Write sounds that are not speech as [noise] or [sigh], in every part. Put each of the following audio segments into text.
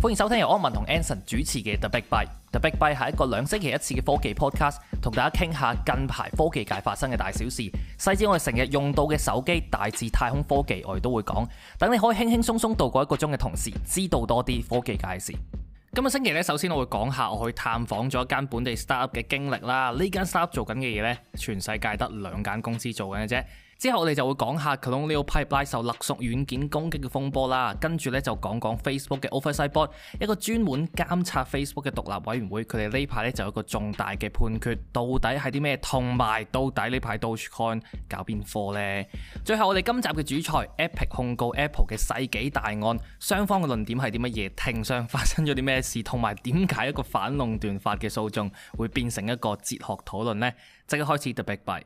歡迎收聽由安文同 Anson 主持嘅 The Big Byte。The Big Byte 係一個兩星期一次嘅科技 Podcast，同大家傾下近排科技界發生嘅大小事，細至我哋成日用到嘅手機、大至太空科技，我哋都會講。等你可以輕輕鬆鬆度過一個鐘嘅同時，知道多啲科技界事。今個星期咧，首先我會講下我去探訪咗一間本地 Startup 嘅經歷啦。呢間 Startup 做緊嘅嘢咧，全世界得兩間公司做緊嘅啫。之後我哋就會講下 Colonial Pipeline 受勒索軟件攻擊嘅風波啦，跟住咧就講講 Facebook 嘅 Oversight Board，一個專門監察 Facebook 嘅獨立委員會，佢哋呢排咧就有個重大嘅判決，到底係啲咩？同埋到底呢排 Dogecoin 搞邊科呢？最後我哋今集嘅主菜 Epic 控告 Apple 嘅世紀大案，雙方嘅論點係啲乜嘢？庭上發生咗啲咩事？同埋點解一個反壟斷法嘅訴訟會變成一個哲學討論呢？即刻開始 The Big Byte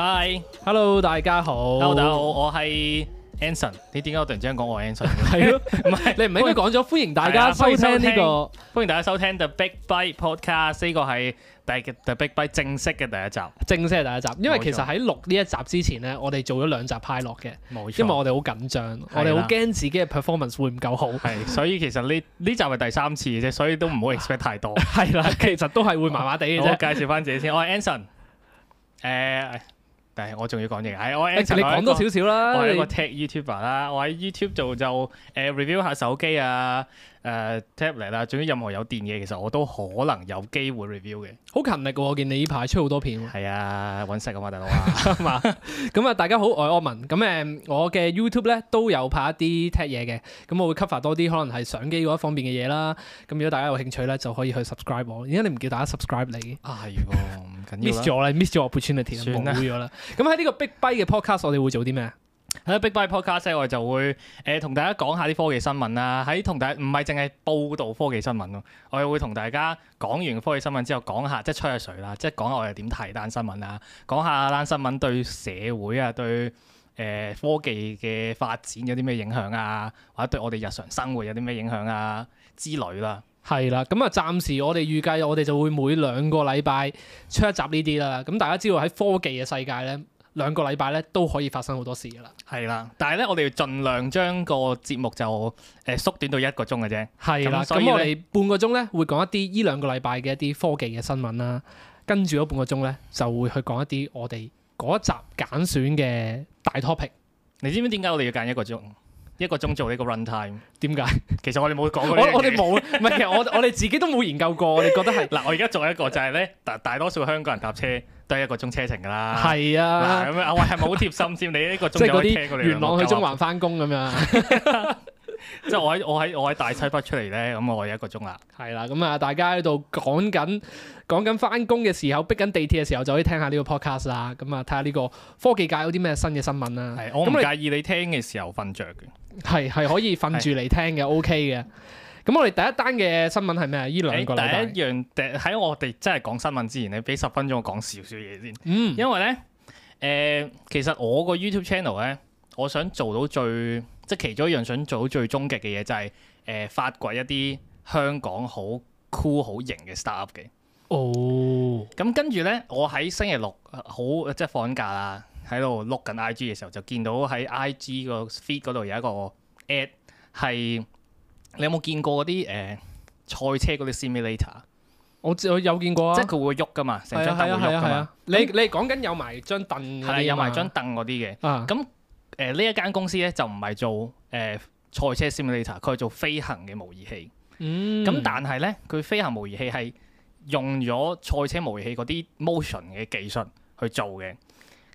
Hi，Hello 大家好。Hello 大家好，我係 Anson An。 [laughs] [laughs] 你點解突然之間講我係 Anson？係咯，唔係你唔係應該講咗歡迎大家收聽呢、這個歡迎、聽、這個、歡迎大家收聽 The Big Byte Podcast 呢個係第第 The Big Byte 正式嘅第一集，正式嘅第一集。因為其實喺錄呢一集之前呢，我哋做咗兩集 pilot 嘅，冇錯錯。因為我哋好緊張，我哋好驚自己嘅 performance 的會唔夠好。所以其實呢呢 [laughs] 集係第三次啫，所以都唔好 expect 太多。係啦， [laughs] 其實都係會麻麻地嘅啫。介紹翻自己先，我係 Anson、呃。誒。係，我仲要講嘢。係我 Anson，你講多少少啦。我係個 tech YouTuber 啦你，我喺 YouTube 度就誒 review 下手機啊。誒、uh,，tablet 啦，總之任何有電嘅，其實我都可能有機會 review 嘅。好勤力嘅，我見你依排出好多片。係啊，揾食啊嘛大佬啊咁啊，大家好，我係阿文。咁誒，我嘅 YouTube 咧都有拍一啲 test 嘢嘅。咁我會 cover 多啲可能係相機嗰一方面嘅嘢啦。咁如果大家有興趣咧，就可以去 subscribe 我。而家你唔叫大家 subscribe 你？啊係、哎，唔緊要 miss 咗啦，miss 咗我 opportunity，冇咗啦。咁喺呢個 Big Byte 嘅 podcast，我哋會做啲咩？喺《Big Byte Podcast》我哋就會誒同、呃、大家講下啲科技新聞啦。喺同大家，唔係淨係報道科技新聞咯，我哋會同大家講完科技新聞之後，講下即係吹下水啦，即係講下我哋點睇單新聞啦，講下單新聞對社會啊，對誒、呃、科技嘅發展有啲咩影響啊，或者對我哋日常生活有啲咩影響啊之類啦。係啦，咁、嗯、啊，暫時我哋預計我哋就會每兩個禮拜出一集呢啲啦。咁、嗯、大家知道喺科技嘅世界咧。兩個禮拜咧都可以發生好多事嘅啦，係啦，但係咧我哋要盡量將個節目就誒縮短到一個鐘嘅啫，係啦的，咁我哋半個鐘咧會講一啲呢兩個禮拜嘅一啲科技嘅新聞啦，跟住嗰半個鐘咧就會去講一啲我哋嗰一集揀選嘅大 topic。你知唔知點解我哋要揀一個鐘？一個鐘做呢個 runtime，點解？其實我哋冇講過嗰啲嘢。我我哋冇，唔係，我我哋自己都冇研究過。我哋 [laughs] 覺得係嗱？我而家做一個就係、是、咧，大大多數香港人搭車都係一個鐘車程㗎啦。係啊，咁喂，係咪好貼心先？ [laughs] 你呢個鐘就有車過嚟。即係嗰啲元朗去中環翻工咁樣。 [laughs] [laughs] 即係我喺我喺我喺大西北出嚟咧，咁我一個鐘啦。係啦，咁啊，大家喺度趕緊趕緊翻工嘅時候，逼緊地鐵嘅時候，就可以聽下呢個 podcast 啦。咁啊，睇下呢個科技界有啲咩新嘅新聞啦。係，我唔介意你聽嘅時候瞓着嘅。係係可以瞓住嚟聽嘅 [laughs] ，OK 嘅。咁我哋第一單嘅新聞係咩？依兩個第一樣，喺我哋真係講新聞之前你俾十分鐘我講少少嘢先。嗯，因為咧，誒、呃，其實我個 YouTube channel 咧，我想做到最，即係其中一樣想做到最終極嘅嘢、就是，就係誒發掘一啲香港好、cool、酷、好型嘅 startup 嘅。哦。咁跟住咧，我喺星期六好即係放緊假啦。喺度 look 緊 IG 嘅時候，就見到喺 IG 個 feed 嗰度有一個 ad，係你有冇見過嗰啲誒賽車嗰啲 simulator？我我有見過啊，即係佢會喐噶嘛，成張凳會喐噶嘛。啊啊啊啊、你你係講緊有埋張凳，係、啊、有埋張凳嗰啲嘅。咁誒呢一間公司咧就唔係做誒、呃、賽車 simulator，佢係做飛行嘅模擬器。嗯。咁但係咧，佢飛行模擬器係用咗賽車模擬器嗰啲 motion 嘅技術去做嘅。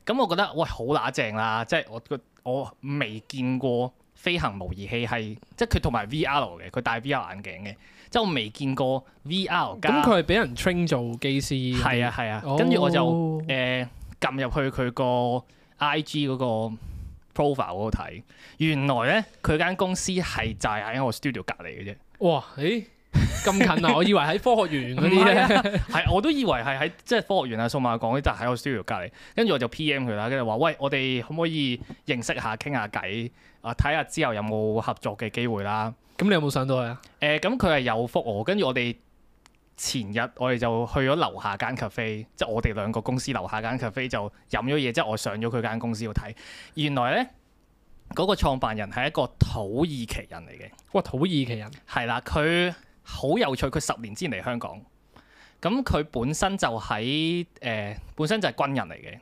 咁我覺得喂好乸正啦，即係我我未見過飛行模擬器係即係佢同埋 VR 嘅，佢戴 VR 眼鏡嘅，即係我未見過 VR。咁佢係俾人 train 做機師，係啊係啊，跟住、啊、我就、哦、誒撳入去佢個 IG 嗰個 profile 嗰度睇，原來咧佢間公司係就係喺我 studio 隔離嘅啫。哇，誒、欸！咁近啊！ [laughs] 我以為喺科學園嗰啲咧，係、啊、 [laughs] 我都以為係喺即係科學園啊數碼港嗰啲，但喺、就是、我 studio 隔籬，跟住我就 P.M 佢啦，跟住話喂，我哋可唔可以認識下，傾下偈啊，睇下之後有冇合作嘅機會啦。咁、嗯、你有冇上到啊？誒、呃，咁佢係有覆我,跟住我哋前日我哋就去咗樓下間 cafe，即係我哋兩個公司樓下間 cafe 就飲咗嘢，即、就、係、是、我上咗佢間公司度睇，原來咧嗰、那個創辦人係一個土耳其人嚟嘅。哇，土耳其人係啦，佢。好有趣！佢十年之前嚟香港，咁佢本身就喺誒、呃，本身就係軍人嚟嘅，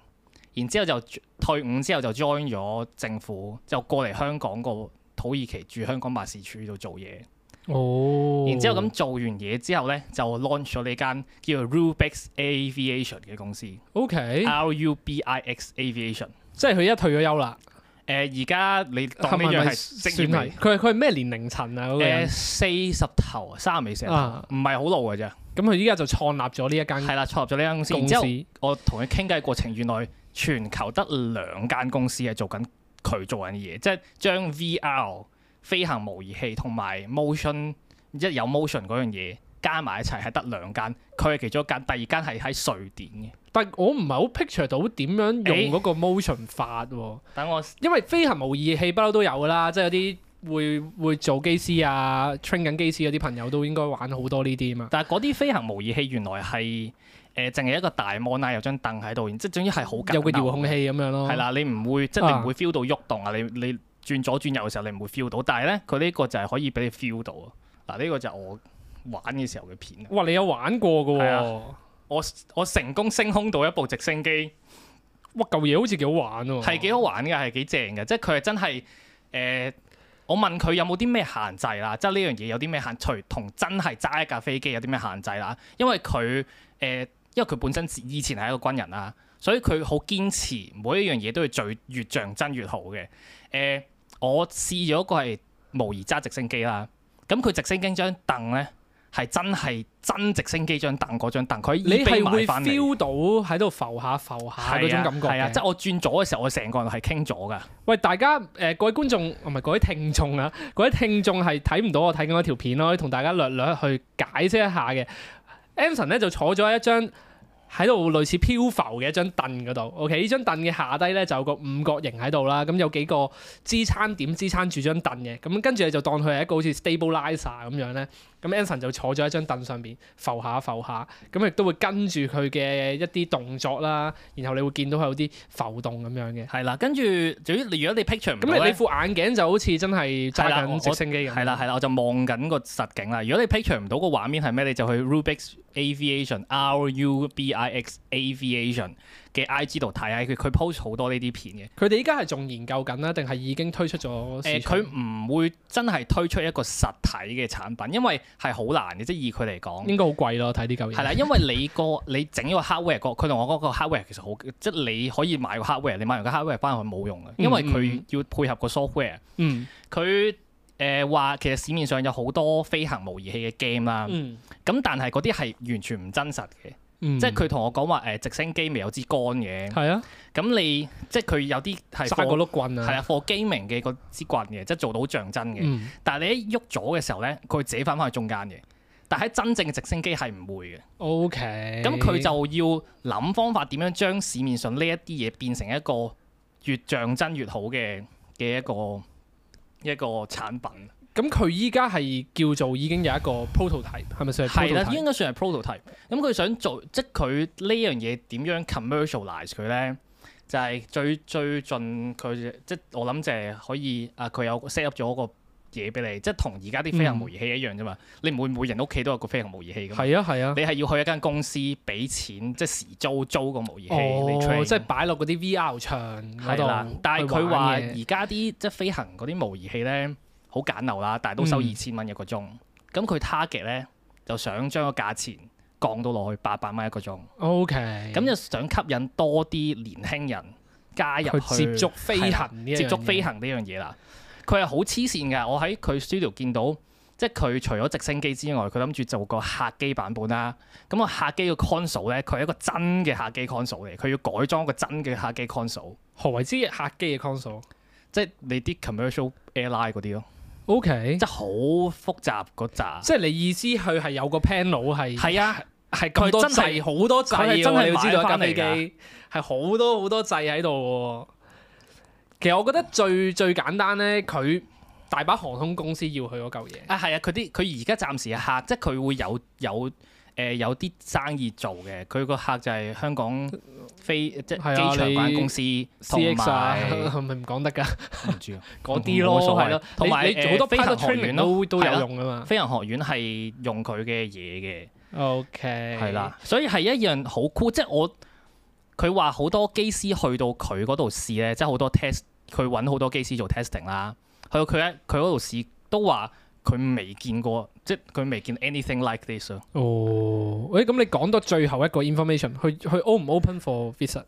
然之後就退伍之後就 join 咗政府，就過嚟香港個土耳其駐香港辦事處度做嘢。哦，然之後咁做完嘢之後呢，就 launch 咗呢間叫做 Rubix Aviation 嘅公司。O.K. R.U.B.I.X. Aviation，即係佢一退咗休啦。誒，而家你當呢樣係算係佢佢係咩年齡層啊？嗰、嗰個呃、四十頭三尾四頭，唔係好老嘅啫、嗯。咁佢依家就創立咗呢一間係啦，創立咗呢間公司。公司之後我同佢傾偈過程，原來全球得兩間公司係做緊佢做緊嘅嘢，即係將 VR 飛行模擬器同埋 motion 一有 motion 嗰樣嘢。加埋一齊係得兩間，佢係其中一間，第二間係喺瑞典嘅。但我唔係好 picture 到點樣用嗰個 motion 法。等、欸、我，因為飛行模擬器不嬲都有㗎啦，即係有啲會會做機師啊，train 緊機師嗰啲朋友都應該玩好多呢啲啊嘛。但係嗰啲飛行模擬器原來係誒淨係一個大摩拉，n 有張凳喺度，即係總之係好簡單。有個調控器咁樣咯。係啦，你唔會、啊、即你唔會 feel 到喐動啊。你你，你轉左轉右嘅時候，你唔會 feel 到。但係咧，佢呢個就係可以俾你 feel 到啊。嗱，呢個就我。玩嘅時候嘅片，哇！你有玩過嘅喎、啊，我我成功升空到一部直升機，哇！嚿嘢好似幾好玩喎、啊，係幾好玩嘅，係幾正嘅，即係佢係真係誒、呃。我問佢有冇啲咩限制啦，即係呢樣嘢有啲咩限，除同真係揸一架飛機有啲咩限制啦。因為佢誒、呃，因為佢本身以前係一個軍人啦，所以佢好堅持每一樣嘢都要最越像真越好嘅。誒、呃，我試咗個係模擬揸直升機啦，咁佢直升機張凳咧。係真係真直升機張凳嗰張凳，佢你係會 feel 到喺度浮下浮下嗰、啊、種感覺嘅，即係、啊啊就是、我轉左嘅時候，我成個人係傾左噶。喂，大家誒、呃、各位觀眾，唔係各位聽眾啊，各位聽眾係睇唔到我睇緊嗰條片咯，同大家略略去解釋一下嘅。Anson 咧就坐咗喺一張喺度類似漂浮嘅一張凳嗰度，OK，呢張凳嘅下低咧就有個五角形喺度啦，咁有幾個支撐點支撐住張凳嘅，咁跟住就當佢係一個好似 stabilizer 咁樣咧。咁 Anson 就坐咗喺張凳上邊浮下浮下，咁亦都會跟住佢嘅一啲動作啦。然後你會見到佢有啲浮動咁樣嘅。係啦，跟住至於你如果你 picture 唔到呢，你副眼鏡就好似真係揸緊直升機咁。係啦係啦，我就望緊個實景啦。如果你 picture 唔到個畫面係咩，你就去 Rubix Aviation，R U B I X Aviation。嘅 I G 度睇下，佢，佢 post 好多呢啲片嘅。佢哋依家係仲研究緊啦，定係已經推出咗？佢唔、呃、會真係推出一個實體嘅產品，因為係好難嘅。即以佢嚟講，應該好貴咯。睇啲交易係啦，因為你個你整個 hardware 個，佢同我講個 hardware 其實好，即係你可以買個 hardware，你買完個 hardware 翻去冇用嘅，因為佢要配合個 software。佢誒話其實市面上有好多飛行模擬器嘅 game 啦，咁但係嗰啲係完全唔真實嘅。嗯、即係佢同我講話誒直升機未有支桿嘅，係啊，咁你即係佢有啲係三個碌棍啊，係啊，貨機明嘅嗰支棍嘅，即係做到像真嘅。嗯、但係你一喐咗嘅時候咧，佢會自己翻返去中間嘅。但係喺真正直升機係唔會嘅。O K，咁佢就要諗方法點樣將市面上呢一啲嘢變成一個越像真越好嘅嘅一個一個,一個產品。咁佢依家係叫做已經有一個 prototype，係咪算係？係啦，應該算係 prototype。咁佢想做，即係佢呢樣嘢點樣 commercialize 佢咧？就係、係、最最盡佢，即係我諗就係可以啊！佢有 set up 咗個嘢俾你，即係同而家啲飛行模擬器一樣啫嘛。嗯、你唔會每每人屋企都有個飛行模擬器嘅嘛？係啊，係啊。你係要去一間公司俾錢，即係時租租個模擬器嚟 train、哦、即係擺落嗰啲 VR 場嗰度。但係佢話而家啲即係飛行嗰啲模擬器咧。好簡陋啦，但係都收二千蚊一個鐘。咁佢 target 咧，就想將個價錢降到落去八百蚊一個鐘。O.K. 咁就想吸引多啲年輕人加入去接觸飛行呢、嗯、接觸飛行呢樣嘢啦。佢係好黐線㗎。我喺佢 studio 見到，即係佢除咗直升機之外，佢諗住做個客機版本啦。咁、個客機嘅 console 咧，佢係一個真嘅客機 console 嚟，佢要改裝一個真嘅客機 console。何為之客機嘅 console？即係你啲 commercial airline 嗰啲咯。OK，即係好複雜嗰扎，即係你意思佢係有個 panel 係係啊，係咁多掣，好多掣，真係要知道一架飛機，係好多好多掣喺度。其實我覺得最最簡單咧，佢大把航空公司要去嗰嚿嘢啊，係啊，佢啲佢而家暫時客，即係佢會有有。誒、呃、有啲生意做嘅，佢個客就係香港飛、嗯、即係機場辦公司，同埋係咪唔講得噶？唔知啊，啲有 [laughs] [laughs] 咯，係咯 [laughs] 謂。同埋好多飛行學院都學院都有用噶嘛。飛行學院係用佢嘅嘢嘅。OK，係啦，所以係一樣好酷。即係我佢話好多機師去到佢嗰度試咧，即係好多 test，佢揾好多機師做 testing 啦。去到佢咧，佢嗰度試都話。佢未見過，即係佢未見 anything like this。哦，喂，咁你講到最後一個 information，去佢 open 唔 open for visit？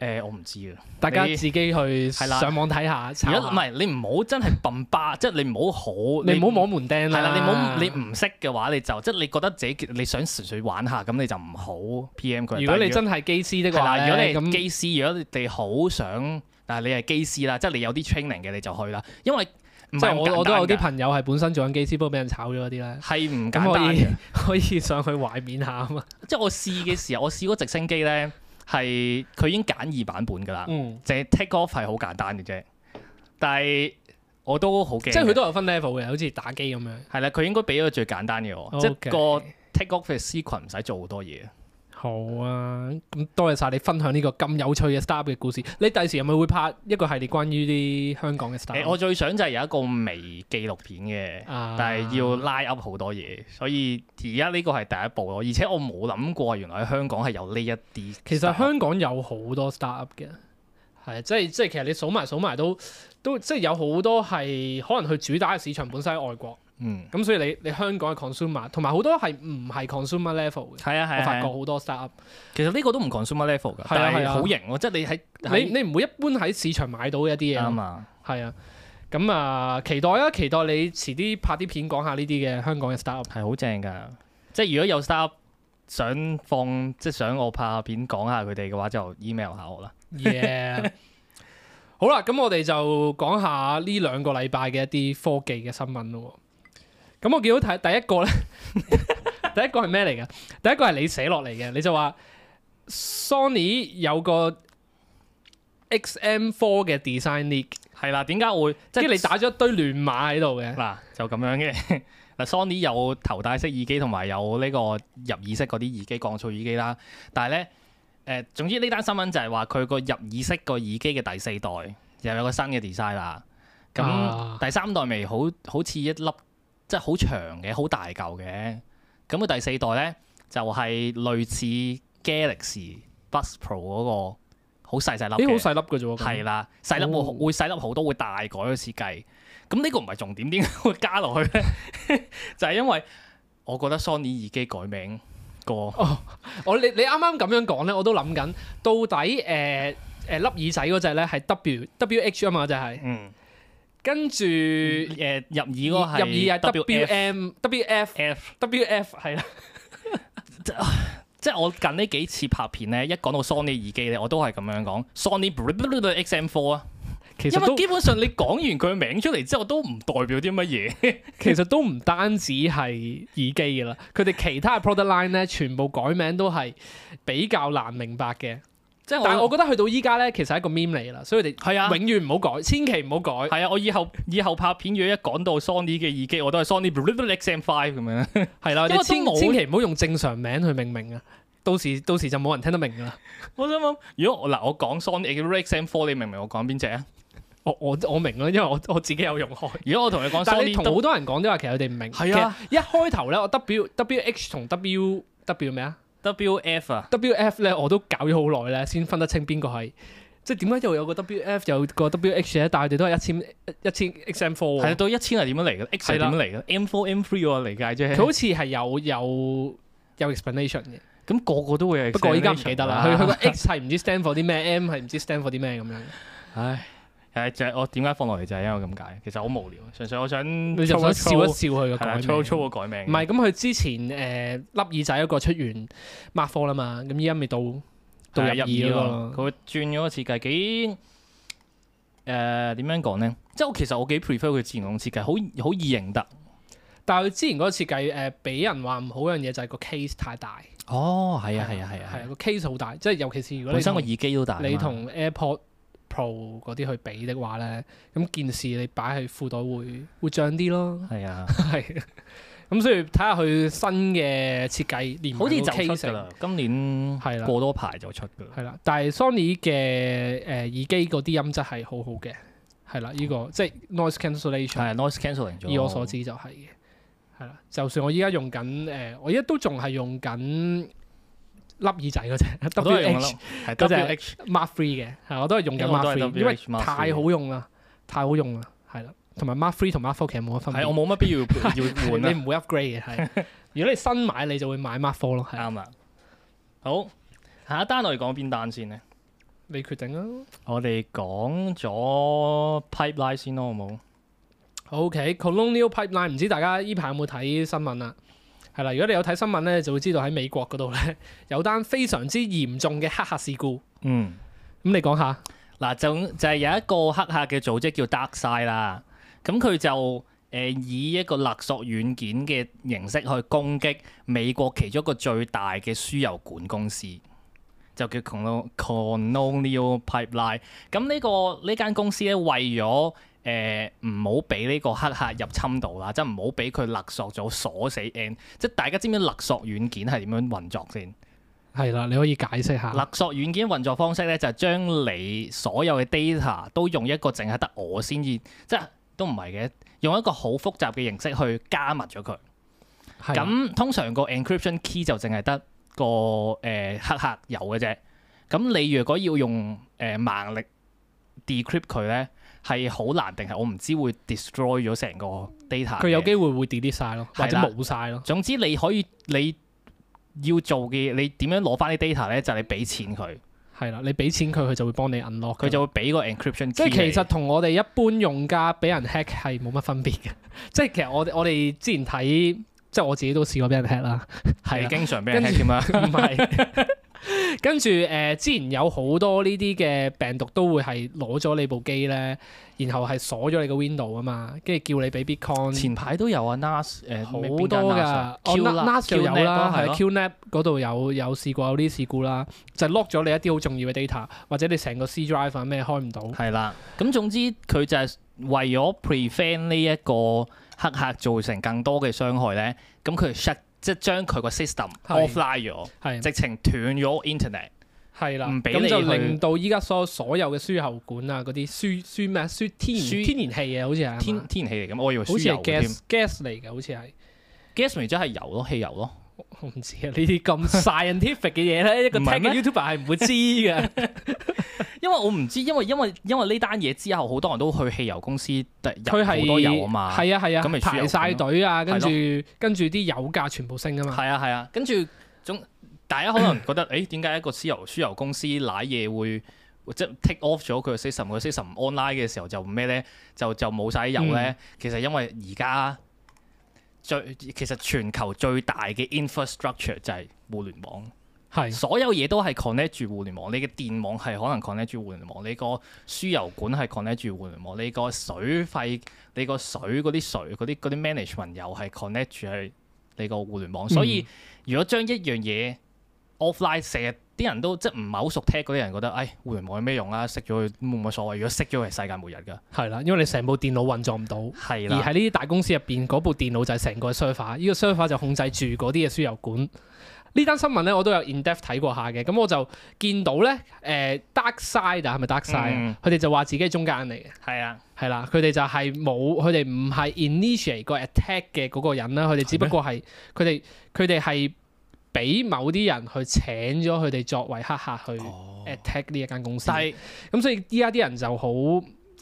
誒，我唔知啊，大家自己去上網睇下。如果唔係你唔好真係笨巴，即係你唔好好，你唔好摸門釘啦。係啦，你唔好，你唔識嘅話，你就即係你覺得自己你想純粹玩下，咁你就唔好 PM 佢。如果你真係機師的話，嗱，如果你咁機師，如果你哋好想，但嗱，你係機師啦，即係你有啲 training 嘅，你就去啦，因為。即係我，我，我都有啲朋友係本身做緊機師，不過俾人炒咗啲咧，係唔簡單可，可以上去懷緬下啊嘛。即係我試嘅時候， [laughs] 我試過直升機咧，係佢已經簡易版本㗎啦，淨係、嗯、take off 係好簡單嘅啫。但係我都好驚，即係佢都有分 level 嘅，好似打機咁樣。係啦，佢應該俾個最簡單嘅，Okay 即係個 take off 嘅 sequence 唔使做好多嘢。好啊，咁多謝晒你分享呢個咁有趣嘅 startup 嘅故事。你第時係咪會拍一個系列關於啲香港嘅 startup？誒，我最想就係有一個微紀錄片嘅，啊、但係要拉 up 好多嘢，所以而家呢個係第一部咯。而且我冇諗過，原來喺香港係有呢一啲。其實香港有好多 startup 嘅，係即係即係，其實你數埋數埋都都即係有好多係可能佢主打嘅市場本身喺外國。嗯，咁所以你你香港嘅 consumer，同埋好多係唔係 consumer level 嘅。係啊係，啊我發覺好多 startup，其實呢個都唔 consumer level 嘅。噶、啊，但係好型，即係、啊、你喺你你唔會一般喺市場買到一啲嘢。啱吧啊，係啊，咁、呃、啊期待啊，期待你遲啲拍啲片講下呢啲嘅香港嘅 startup，係好正噶。即係如果有 startup 想放，即係想我拍片講下佢哋嘅話，就 email 下我啦。Yeah, [laughs] 好啦，咁我哋就講下呢兩個禮拜嘅一啲科技嘅新聞咯。咁我見到睇，第一個咧， [laughs] 第一個係咩嚟嘅？ [laughs] 第一個係你寫落嚟嘅，你就話 Sony 有個 XM4 嘅 design n 咧，係啦。點解會？即係你打咗一堆亂碼喺度嘅。嗱，就咁樣嘅。嗱 [laughs] ，Sony 有頭戴式耳機同埋有呢個入耳式嗰啲耳機降噪耳機啦。但係咧，誒、呃，總之呢單新聞就係話佢個入耳式個耳機嘅第四代又有一個新嘅 design 啦。咁第三代咪好好似一粒。即係好長嘅，好大嚿嘅。咁佢第四代咧就係類似 Galaxy Buds Pro 嗰個好細細粒。咦？好細粒嘅啫喎。係啦，細粒會會細粒好多，會大改嘅設計。咁呢個唔係重點，點解會加落去咧？就係因為我覺得 Sony 耳機改名過。哦，我你你啱啱咁樣講咧，我都諗緊到底誒誒粒耳仔嗰隻咧係 W WH 啊嘛，就係。嗯。跟住誒入耳嗰個係入耳啊，W M W F W F 係啦。 [laughs] 即係我近呢幾次拍片咧，一講到 Sony 耳機咧，我都係咁樣講 Sony 噗噗噗噗噗 X M Four 啊。因為基本上你講完佢嘅名出嚟之後，都唔代表啲乜嘢。 [laughs] 其實都唔單止係耳機噶啦，佢哋其他嘅 product line 咧，全部改名都係比較難明白嘅。即係，但係我覺得去到依家咧，其實係一個 meme 嚟啦，所以你哋係啊，永遠唔好改，千祈唔好改。係啊，我以後以後拍片如果一講到 Sony 嘅耳機，我都係 Sony Bluetooth XM Five 咁 [laughs] 樣、啊。係啦，你千千祈唔好用正常名去命名啊，到時到時就冇人聽得明啦。我想諗，如果嗱我，我講 Sony 嘅 Rex M Four，你明唔明我講邊隻啊？我我我明咯，因為我我自己有用開。如果我同你講，但係你同好多人講都話其實佢哋唔明。係啊，一開頭咧，我 W W H 同 W W 咩啊？W F 啊，W F 咧我都搞咗好耐咧，先分得清邊個係，即係點解又有個 W F 有個 W H 咧？但係佢哋都係一千一千 X M Four 喎。係啊，到一千係點樣嚟嘅？X 係點樣嚟嘅了？M Four M Three 我理解啫。佢好似係有有有 explanation 嘅，咁個個都會有。不過依家唔記得啦。佢佢個 X 係唔知 stand for s t a n d f o r 啲咩，M 係唔知 s t a n d f o r 啲咩咁樣。唉。誒就係我點解放落嚟就係因為咁解，其實好無聊，純粹我想你就想笑一笑佢嘅改名。粗粗嘅改名。唔係咁，佢之前誒粒耳仔嗰個出完 mark 貨啦嘛，咁依家未到到入耳嗰個，佢轉咗個設計幾誒點樣講咧？即係我其實我幾 prefer 佢自然感設計，好好易認得。但係佢之前嗰個設計誒俾人話唔好一樣嘢就係個 case 太大。哦，係啊，係啊，係啊，係啊，個 case 好大，即係尤其是如果你本身個耳機都大，你同 AirPod Pro 嗰啲去比的話咧，咁件事你擺喺褲袋會會漲啲咯。係啊，係。咁所以睇下佢新嘅設計，年好似就今年係啦，過多排就出㗎。係啦、啊，但係 Sony 嘅誒耳機嗰啲音質係好好嘅。係啦、啊，呢、嗯這個即係、就是、noise cancellation、啊。係 noise cancelling。以我所知就係、是、嘅。係啦、啊，就算我依家用緊誒、呃，我依家都仲係用緊。粒耳仔嗰隻 W H W H Mark Three 嘅，係我都係用緊 Mark Three，因為太好用啦，太好用啦，係啦，同埋 Mark Three 同 Mark Four 其實冇乜分別。我冇乜必要要換，你唔會 upgrade 嘅。係如果你新買，你就會買 Mark Four 咯，係啱啦。好，下一單我哋講邊單先呢？你決定啊！我哋講咗 Pipeline 先咯，好冇？Okay，Colonial Pipeline 唔知大家呢排有冇睇新聞啦？係啦，如果你有睇新聞咧，就會知道喺美國嗰度咧，有單非常之嚴重嘅黑客事故。嗯，咁你講下嗱、嗯，就就係有一個黑客嘅組織叫 Darkside 啦。咁佢就誒以一個勒索軟件嘅形式去攻擊美國其中一個最大嘅輸油管公司，就叫 Con Colonial Pipeline。咁呢、呢個呢間公司咧為咗誒唔好俾呢個黑客入侵到啦，即係唔好俾佢勒索咗鎖死 N。即係大家知唔知勒索軟件係點樣運作先？係啦，你可以解釋下。勒索軟件運作方式咧，就係將你所有嘅 data 都用一個淨係得我先至，即係都唔係嘅，用一個好複雜嘅形式去加密咗佢。咁的通常個 encryption key 就淨係得個誒、呃、黑客有嘅啫。咁你如果要用誒、呃、盲力 decrypt 佢咧？係好難定係我唔知會 destroy 咗成個 data。佢有機會會 delete 晒咯，或者冇晒咯。總之你可以你要做嘅，你點樣攞翻啲 data 咧？就係、係、你俾錢佢，係啦，你俾錢佢，佢就會幫你 unlock，佢就會俾個 encryption。即係其實同我哋一般用家俾人 hack 係冇乜分別嘅。 [laughs] 即係其實我我哋之前睇，即係我自己都試過俾人 hack 啦，係 [laughs] 的經常俾人 hack 㗎嘛。唔係。 [laughs] [laughs] 跟住誒、呃，之前有好多呢啲嘅病毒都會係攞咗你部機咧，然後係鎖咗你個 Window 啊嘛，跟住叫你俾 Bitcoin。前排都有啊，Nas 誒、呃、好多噶 NAS 啊，QNAS, QNAP 就有啦，係啊，Qnap 嗰度有有試過有啲事故啦，就 lock、係、咗你一啲好重要嘅 data，或者你成個 C drive 啊咩開唔到。係啦，咁總之佢就係為咗 prevent 呢一個黑客造成更多嘅傷害咧，咁佢係 shut。即係將佢個 system offline 咗，係的直情斷咗 internet，係啦的，唔俾你。咁就令到依家所有所有嘅輸喉管啊，嗰啲輸輸咩啊，輸天然書天然氣啊，好似係天天然氣嚟咁。嗯、我以為輸油好似 gas gas 嚟嘅，好似係 gas 嚟即係油咯，汽油咯。我唔知啊！呢啲咁 scientific 嘅嘢咧， [laughs] 吧一個 tech 嘅 YouTuber 係唔會知嘅。 [laughs] 因為我唔知，因為因為因為呢單嘢之後，好多人都去汽油公司，得推係好多油啊嘛。係啊係啊，咁、啊、排晒隊啊，跟住的跟住啲油價全部升啊嘛。係啊係啊，跟住總大家可能覺得誒，點、欸、解一個私油輸 [coughs] 油公司瀨嘢會即係 take off 咗佢嘅 system，佢 system online 嘅時候就咩咧？就就冇晒油咧？其實因為而家。 [coughs] 最其實全球最大嘅 infrastructure 就係互聯網，係的所有嘢都係 connect 住互聯網，你嘅電網係可能 connect 住互聯網，你個輸油管係 connect 住互聯網，你個水費，你個水嗰啲水嗰啲嗰啲 management 又係 connect 住係你個互聯網，所以如果將一樣嘢 offline 成日啲人都即係唔係好熟 tech 嗰啲人覺得，哎，互聯網有咩用啊？熄咗佢冇乜所謂，如果熄咗佢係世界末日噶。係啦，因為你成部電腦運作唔到，係啦的。而喺呢啲大公司入邊，嗰部電腦就係成個 server，呢、呢個 server 就控制住嗰啲嘅輸油管。呢單新聞咧，我都有 in depth 睇過下嘅，咁我就見到咧，誒、呃、dark side 係咪 dark side？佢哋、嗯、就話自己係中間嚟嘅。係啊的，係啦，佢哋就係冇，佢哋唔係 initiate 個 attack 嘅嗰個人啦，佢哋只不過係，佢哋佢哋係。俾某啲人去請咗佢哋作為黑客去 attack 呢、哦、一間公司，咁是、嗯，所以依家啲人就好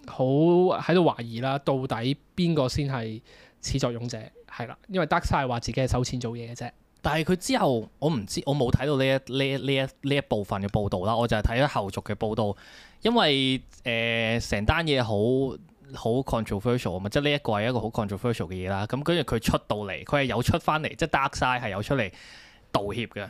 好喺度懷疑啦，到底邊個先係始作俑者？係啦，因為 Darkside 話自己係收錢做嘢嘅啫，但係佢之後我唔知，我冇睇到呢一呢呢一呢一,一,一部分嘅報道啦，我就係睇咗後續嘅報道，因為誒成單嘢好好 controversial 啊嘛，即係呢一個係一個好 controversial 嘅嘢啦，咁跟住佢出到嚟，佢係有出翻嚟，即、就、係、是、Darkside 係有出嚟。道歉嘅，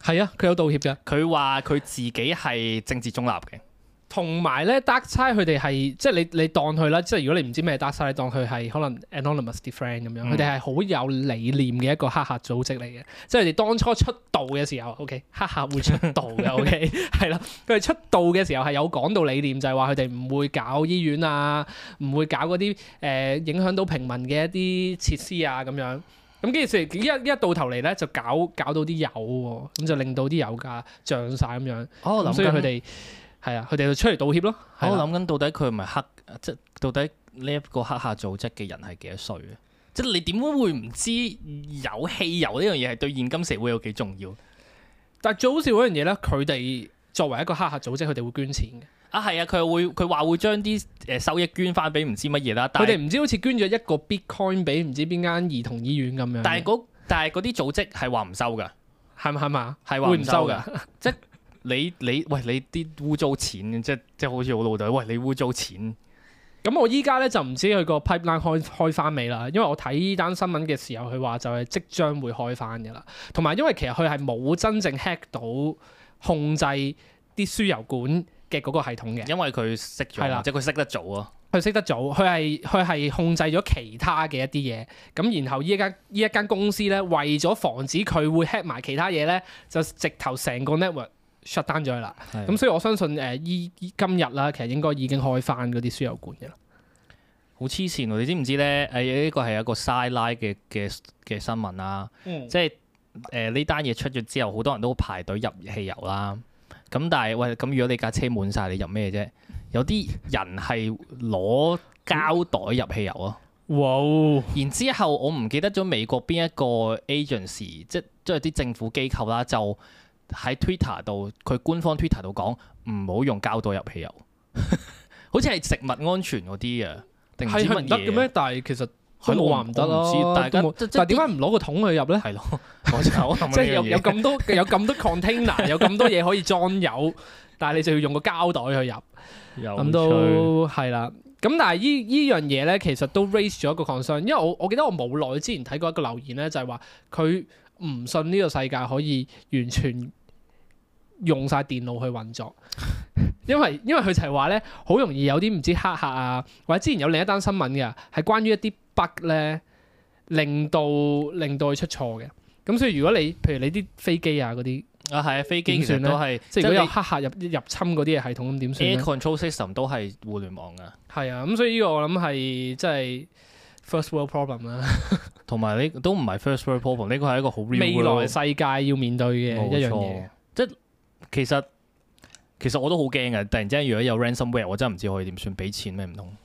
係啊，佢有道歉嘅。佢話佢自己係政治中立嘅，同埋咧 Darkside 佢哋係即係你你當佢啦，即係如果你唔知咩 Darkside，r 你當佢係可能 Anonymous Different 咁樣，佢哋係好有理念嘅一個黑客組織嚟嘅。嗯、即係佢哋當初出道嘅時候，OK，黑客會出道嘅，OK 係啦、 [laughs] 啊。佢哋出道嘅時候係有講到理念，就係話佢哋唔會搞醫院啊，唔會搞嗰啲誒影響到平民嘅一啲設施啊咁樣。咁跟住，一一到頭嚟咧，就搞搞到啲油，咁就令到啲油價漲晒。咁樣。哦，所以佢哋係啊，佢哋就出嚟道歉咯、哦。我諗緊到底佢唔係黑？即到底呢一個黑客組織嘅人係幾多歲啊？即係你點會唔知有汽油呢樣嘢係對現今社會有幾重要？但係最好笑嗰樣嘢咧，佢哋作為一個黑客組織，佢哋會捐錢嘅。啊，啊，係啊，佢會佢話會將啲誒收益捐翻俾唔知乜嘢啦。佢哋唔知好似捐咗一個 bitcoin 俾唔知邊間兒童醫院咁樣。但係嗰但係啲組織係話唔收噶，係嘛係嘛，係話唔收噶。收 [laughs] 即係你你喂你啲污糟錢，即係即係好似好老豆喂你污糟錢。咁我依家咧就唔知佢個 pipeline 開開翻未啦。因為我睇呢單新聞嘅時候，佢話就係即將會開翻噶啦。同埋因為其實佢係冇真正 hack 到控制啲輸油管嘅嗰個系統嘅，因為佢識咗，的即係佢識得做啊！佢識得做，佢係佢係控制咗其他嘅一啲嘢，咁然後依間依一間公司咧，為咗防止佢會 hit 埋其他嘢咧，就直頭成個 network shut down 咗啦。咁的所以我相信誒依、呃、今日啦，其實應該已經開翻嗰啲輸油管嘅。好黐線喎！你知唔知咧？誒呢個係一個 side line 嘅嘅嘅新聞啦、啊。嗯、即係誒呢單嘢出咗之後，好多人都排隊入汽油啦。咁但係喂，咁如果你架車滿晒，你入咩啫？有啲人係攞膠袋入汽油啊！哇哦！然之後我唔記得咗美國邊一個 agency，即係即係啲政府機構啦，就喺 Twitter 度，佢官方 Twitter 度講唔好用膠袋入汽油， [laughs] 好似係食物安全嗰啲啊，定唔知乜嘢？係得嘅咩？但係其實。係冇話唔得咯，但係點解唔攞個桶去入咧？係咯， [laughs] 即係有咁多有咁多 container， [laughs] 有咁多嘢可以裝油，但係你就要用個膠袋去入，咁趣、嗯、都係啦。咁但係依依樣嘢咧，其實都 raise 咗一個 concern，因為我我記得我冇耐之前睇過一個留言咧，就係話佢唔信呢個世界可以完全用晒電腦去運作。 [laughs] 因為因為佢就係話咧，好容易有啲唔知黑客啊，或者之前有另一單新聞嘅，係關於一啲 bug 咧，令到令到佢出錯嘅。咁所以如果你，譬如你啲飛機啊嗰啲，啊係啊飛機其實都係即係有黑客入入侵嗰啲嘅系統咁點算？control system 都係互聯網噶。係啊，咁所以呢個我諗係即係 first world problem 啦。同埋呢都唔係 first world problem，呢個係一個好未來世界要面對嘅一樣嘢。即其實。其實我都好驚噶，突然之間如果有 ransomware，我真係唔知可以點算，俾錢咩唔通？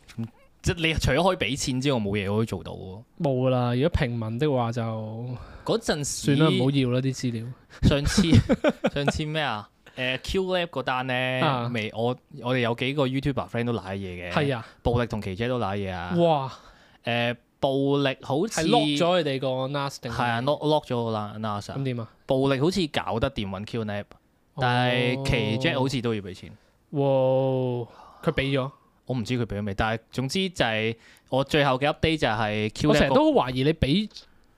即係你除咗可以俾錢之外，冇嘢可以做到喎。冇噶啦，如果平民的話就嗰陣時算啦，唔好要啦啲資料。上次 [laughs] 上次咩、呃、啊？誒，QLab 嗰單咧，未我我哋有幾個 YouTuber friend 都瀨嘢嘅。係啊，暴力同奇姐都瀨嘢啊。哇嘩！誒、呃，暴力好似 lock 咗佢哋個 NAS 係啊，lock lock 咗啦，Nasa。咁點啊？暴力好似搞得掂搵 QNAP。但係奇 job 好似都要俾錢，佢俾咗，我唔知佢俾咗未。但係總之就係我最後嘅 update 就係我成日都懷疑你俾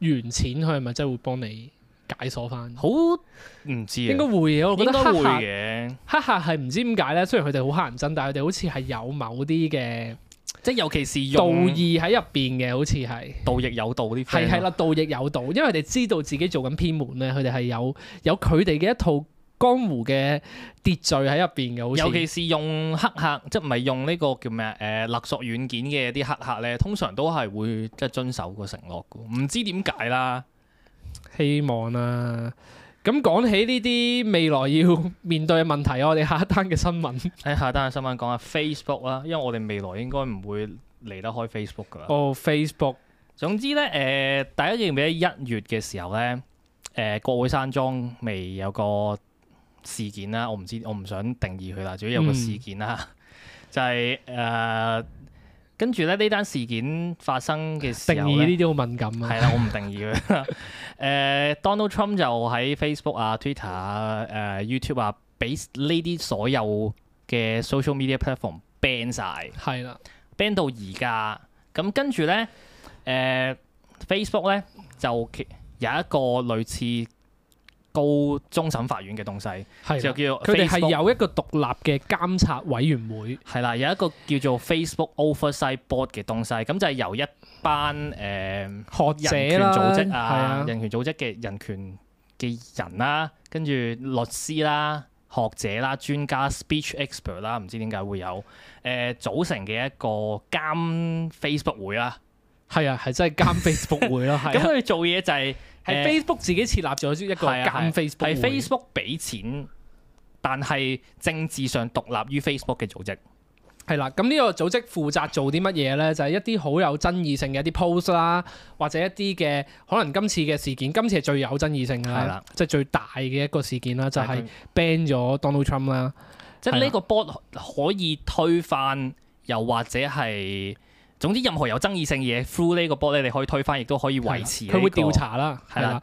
完錢佢係咪真係會幫你解鎖翻？好唔知啊，應該會嘅。我覺得會嘅。黑客係唔知點解咧。雖然佢哋好黑人憎，但係佢哋好似係有某啲嘅，即係尤其是道義喺入邊嘅，好似係盜亦有道啲、啊。係係啦，盜亦有道，因為佢哋知道自己做緊偏門咧，佢哋係有有佢哋嘅一套。江湖嘅秩序喺入邊嘅，尤其是用黑客，即係唔係用呢個叫咩啊？誒勒索軟件嘅啲黑客咧，通常都係會即係遵守個承諾嘅，唔知點解啦。希望啦。咁講起呢啲未來要面對嘅問題，我哋下一單嘅新聞，喺下一單嘅新聞講下 Facebook 啦，因為我哋未來應該唔會離得開 Facebook 噶啦。哦，Facebook 總之咧，誒大家記唔記得一月嘅時候咧，誒國會山莊未有個。事件啦，我唔知，我唔想定義佢啦。主要有個事件啦，嗯、 [laughs] 就係、是、誒，跟住咧呢單事件發生嘅時候呢啲好敏感啊。係啦，我唔定義佢。誒、 [laughs] 呃、Donald Trump 就喺 Facebook 啊、Twitter 啊、誒 YouTube 啊，俾呢啲所有嘅 social media platform ban 曬。係啦，ban 到而家。咁跟住咧，誒、呃、Facebook 咧就有一個類似。高終審法院嘅東西，的就叫佢哋係有一個獨立嘅監察委員會，係啦，有一個叫做 Facebook Oversight Board 嘅東西，咁就係由一班誒、呃、學者啦、人權組織啊、的人權組織嘅人權嘅人啦，跟住律師啦、學者啦、專家 speech expert 啦，唔知點解會有誒、呃、組成嘅一個監 Facebook 會啦，係啊，係真係監 Facebook 會咯，係。 [laughs] 咁佢 [laughs] 做嘢就係、是。係 Facebook 自己設立咗一個監 Facebook，係 Facebook 俾錢，但係政治上獨立於 Facebook 嘅組織。係啦，咁呢個組織負責做啲乜嘢咧？就係、是、一啲好有爭議性嘅一啲 post 啦，或者一啲嘅可能今次嘅事件，今次係最有爭議性嘅，即係係啦，最大嘅一個事件啦，就係 ban 咗 Donald Trump 啦。即係呢個 board 可以推翻，又或者係。總之，任何有爭議性嘢 through 呢個波咧，你可以推翻，亦都可以維持這個。佢會調查啦，係啦。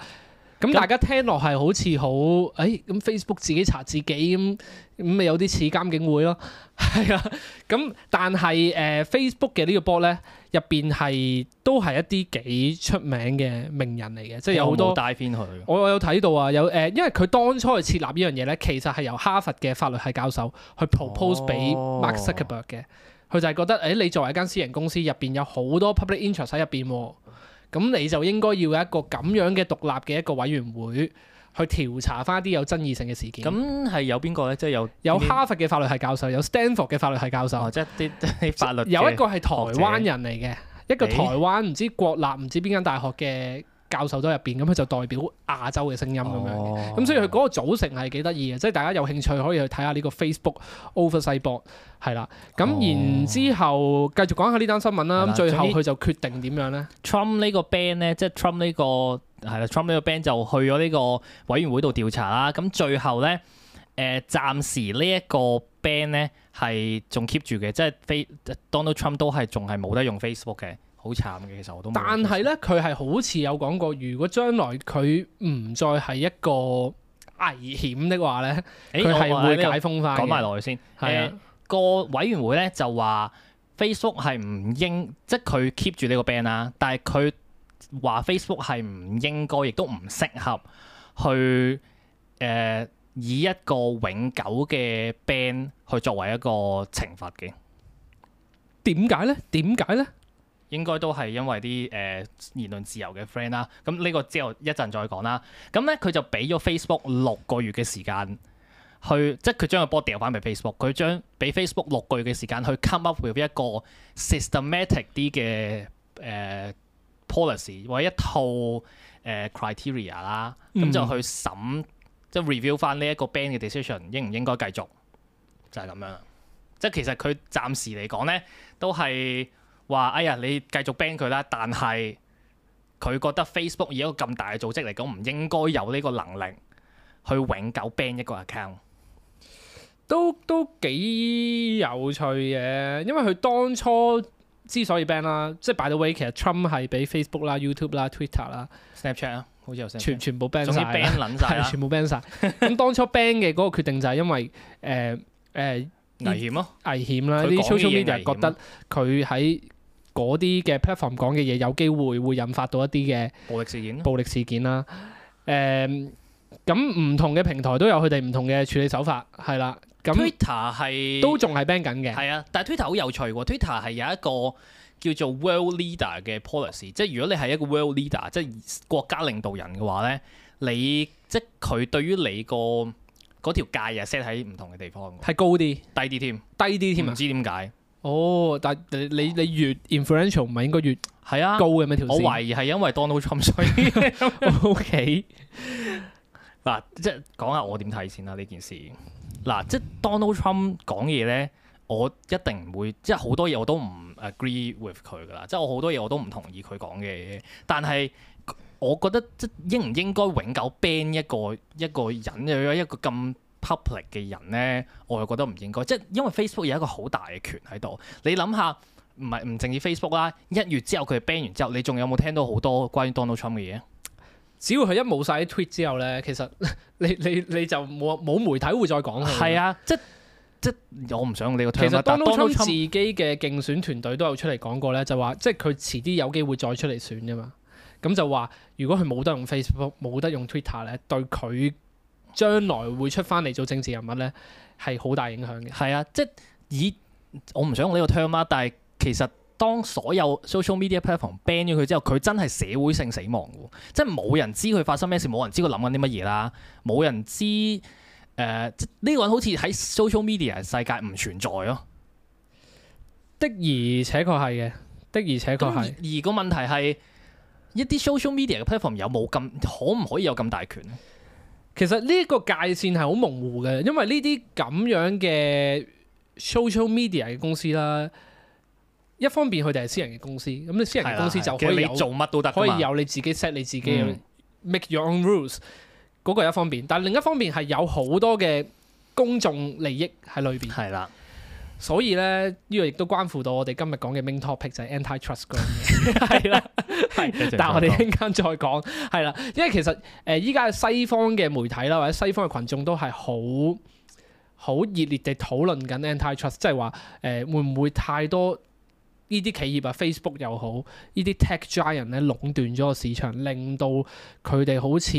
咁的大家聽落係好似好，誒、哎、咁 Facebook 自己查自己，咁咁咪有啲似監警會咯。係啊，咁 [laughs] 但係誒、呃、Facebook 嘅呢個波咧，入邊係都係一啲幾出名嘅名人嚟嘅，即係有好多大片去。我有睇到啊，有誒、呃，因為佢當初係設立呢樣嘢咧，其實係由哈佛嘅法律系教授去 propose 俾 Mark Zuckerberg 嘅。哦。佢就係覺得，誒、欸，你作為一間私人公司入邊有好多 public interest 喺入邊，咁你就應該要一個咁樣嘅獨立嘅一個委員會去調查翻啲有爭議性嘅事件。咁係有邊個呢？即係有有哈佛嘅法律系教授，有 Stanford 嘅法律系教授，哦、即係啲法律有一個係台灣人嚟嘅，欸、一個台灣唔知國立唔知邊間大學嘅。教授都入邊，咁佢就代表亞洲嘅聲音咁樣。咁、哦、所以佢嗰個組成係幾得意嘅，即係大家有興趣可以去睇下呢個 Facebook Over b 世博係啦。咁、哦、然之後繼續講下呢單新聞啦。咁、嗯、最後佢就決定點樣咧？Trump 呢、哦、個 ban d 咧，即係 Trump 呢個係啦，Trump 呢個 ban d 就去咗呢個委員會度調查啦。咁最後咧，誒、呃、暫時呢一個 ban d 咧係仲 keep 住嘅，即係 f Donald Trump 都係仲係冇得用 Facebook 嘅。好慘嘅，其實我都。但係咧，佢係好似有講過，如果將來佢唔再係一個危險的話咧，佢係、欸、會解封翻、欸這個。講埋落去先。誒是的、呃、個委員會咧就話 Facebook 係唔應，即係佢 keep 住呢個 ban 啦。但係佢話 Facebook 係唔應該，亦都唔適合去誒、呃、以一個永久嘅 ban 去作為一個懲罰嘅。點解咧？點解咧？應該都係因為啲誒言論自由嘅 friend 啦，咁呢個之後一陣再講啦。咁咧佢就俾咗 Facebook 六個月嘅時間去，即係佢將個波掉翻俾 Facebook，佢將俾 Facebook 六個月嘅時間去 come up with 一個 systematic 啲嘅誒、uh, policy 或者一套誒、uh, criteria 啦，咁就去審、嗯、即係 review 翻呢一個 ban 嘅 decision 應唔應該繼續，就係、是、咁樣啦。即係其實佢暫時嚟講咧都係。話哎呀，你繼續 ban 佢啦，但係佢覺得 Facebook 以一個咁大嘅組織嚟講，唔應該有呢個能力去永久 ban 一個 account。都都幾有趣嘅，因為佢當初之所以 ban 啦，即係擺到位，其實 Trump 係俾 Facebook 啦、YouTube 啦、Twitter 啦、Snapchat 啦、啊，好似有成，全全部 ban 曬，總之 ban 撚曬，全部 ban 曬。咁 [laughs] 當初 ban 嘅嗰個決定就係因為誒誒、呃呃、危險咯、啊，危險啦，啲 social media 覺得佢喺嗰啲嘅 platform 講嘅嘢有機會會引發到一啲嘅暴力事件，暴力事件啦。誒、嗯，咁唔同嘅平台都有佢哋唔同嘅處理手法，係啦。咁 Twitter 係都仲係 ban 緊嘅。係啊，但係 Twitter 好有趣喎。Twitter 係有一個叫做 world leader 嘅 policy，即係如果你係一個 world leader，即係國家領導人嘅話咧，你即係佢對於你個嗰條界嘅 set 喺唔同嘅地方，係高啲、低啲添、啊，低啲添，唔知點解。哦，但你你你越 influential 唔係應該越係啊高嘅咩條線？我懷疑係因為 Donald Trump 所以 OK 嗱，即係講下我點睇先啦呢件事。嗱，即係 Donald Trump 講嘢咧，我一定唔會即係好多嘢我都唔 agree with 佢噶啦，即係我好多嘢我都唔同意佢講嘅嘢。但係我覺得即係應唔應該永久 ban 一個一個人有一個咁？public 嘅人咧，我又覺得唔應該，即係因為 Facebook 有一個好大嘅權喺度。你諗下，唔係唔淨止 Facebook 啦，一月之後佢 ban 完之後，你仲有冇聽到好多關於 Donald Trump 嘅嘢？只要佢一冇晒啲 tweet 之後咧，其實你你你就冇冇媒體會再講。係啊，即即我唔想用你個。其實 Donald Trump 自己嘅競選團隊都有出嚟講過咧，就話即係佢遲啲有機會再出嚟選噶嘛。咁就話如果佢冇得用 Facebook，冇得用 Twitter 咧，對佢。將來會出翻嚟做政治人物呢，係好大影響嘅。係啊，即係以我唔想用呢個 term 啦，但係其實當所有 social media platform ban 咗佢之後，佢真係社會性死亡嘅，即係冇人知佢發生咩事，冇人知佢諗緊啲乜嘢啦，冇人知誒呃，呢個人好似喺 social media 世界唔存在咯。的而且確係嘅，的而且確係。而個問題係一啲 social media 嘅 platform 有冇咁可唔可以有咁大權？其實呢個界線係好模糊嘅，因為呢啲咁樣嘅 social media 嘅公司啦，一方面佢哋係私人嘅公司，咁你私人嘅公司就可以做乜都得，可以有你自己 set 你自己、嗯、make your own rules 嗰個係一方面，但係另一方面係有好多嘅公眾利益喺裏邊。係啦。所以咧，呢個亦都關乎到我哋今日講嘅 main topic 就係 anti trust 嗰樣嘢，係啦，係。但係我哋一陣間再講係啦，因為其實誒依家西方嘅媒體啦，或者西方嘅群眾都係好好熱烈地討論緊 anti trust，即係話誒會唔會太多呢啲企業啊，Facebook 又好，呢啲 tech giant 咧，壟斷咗個市場，令到佢哋好似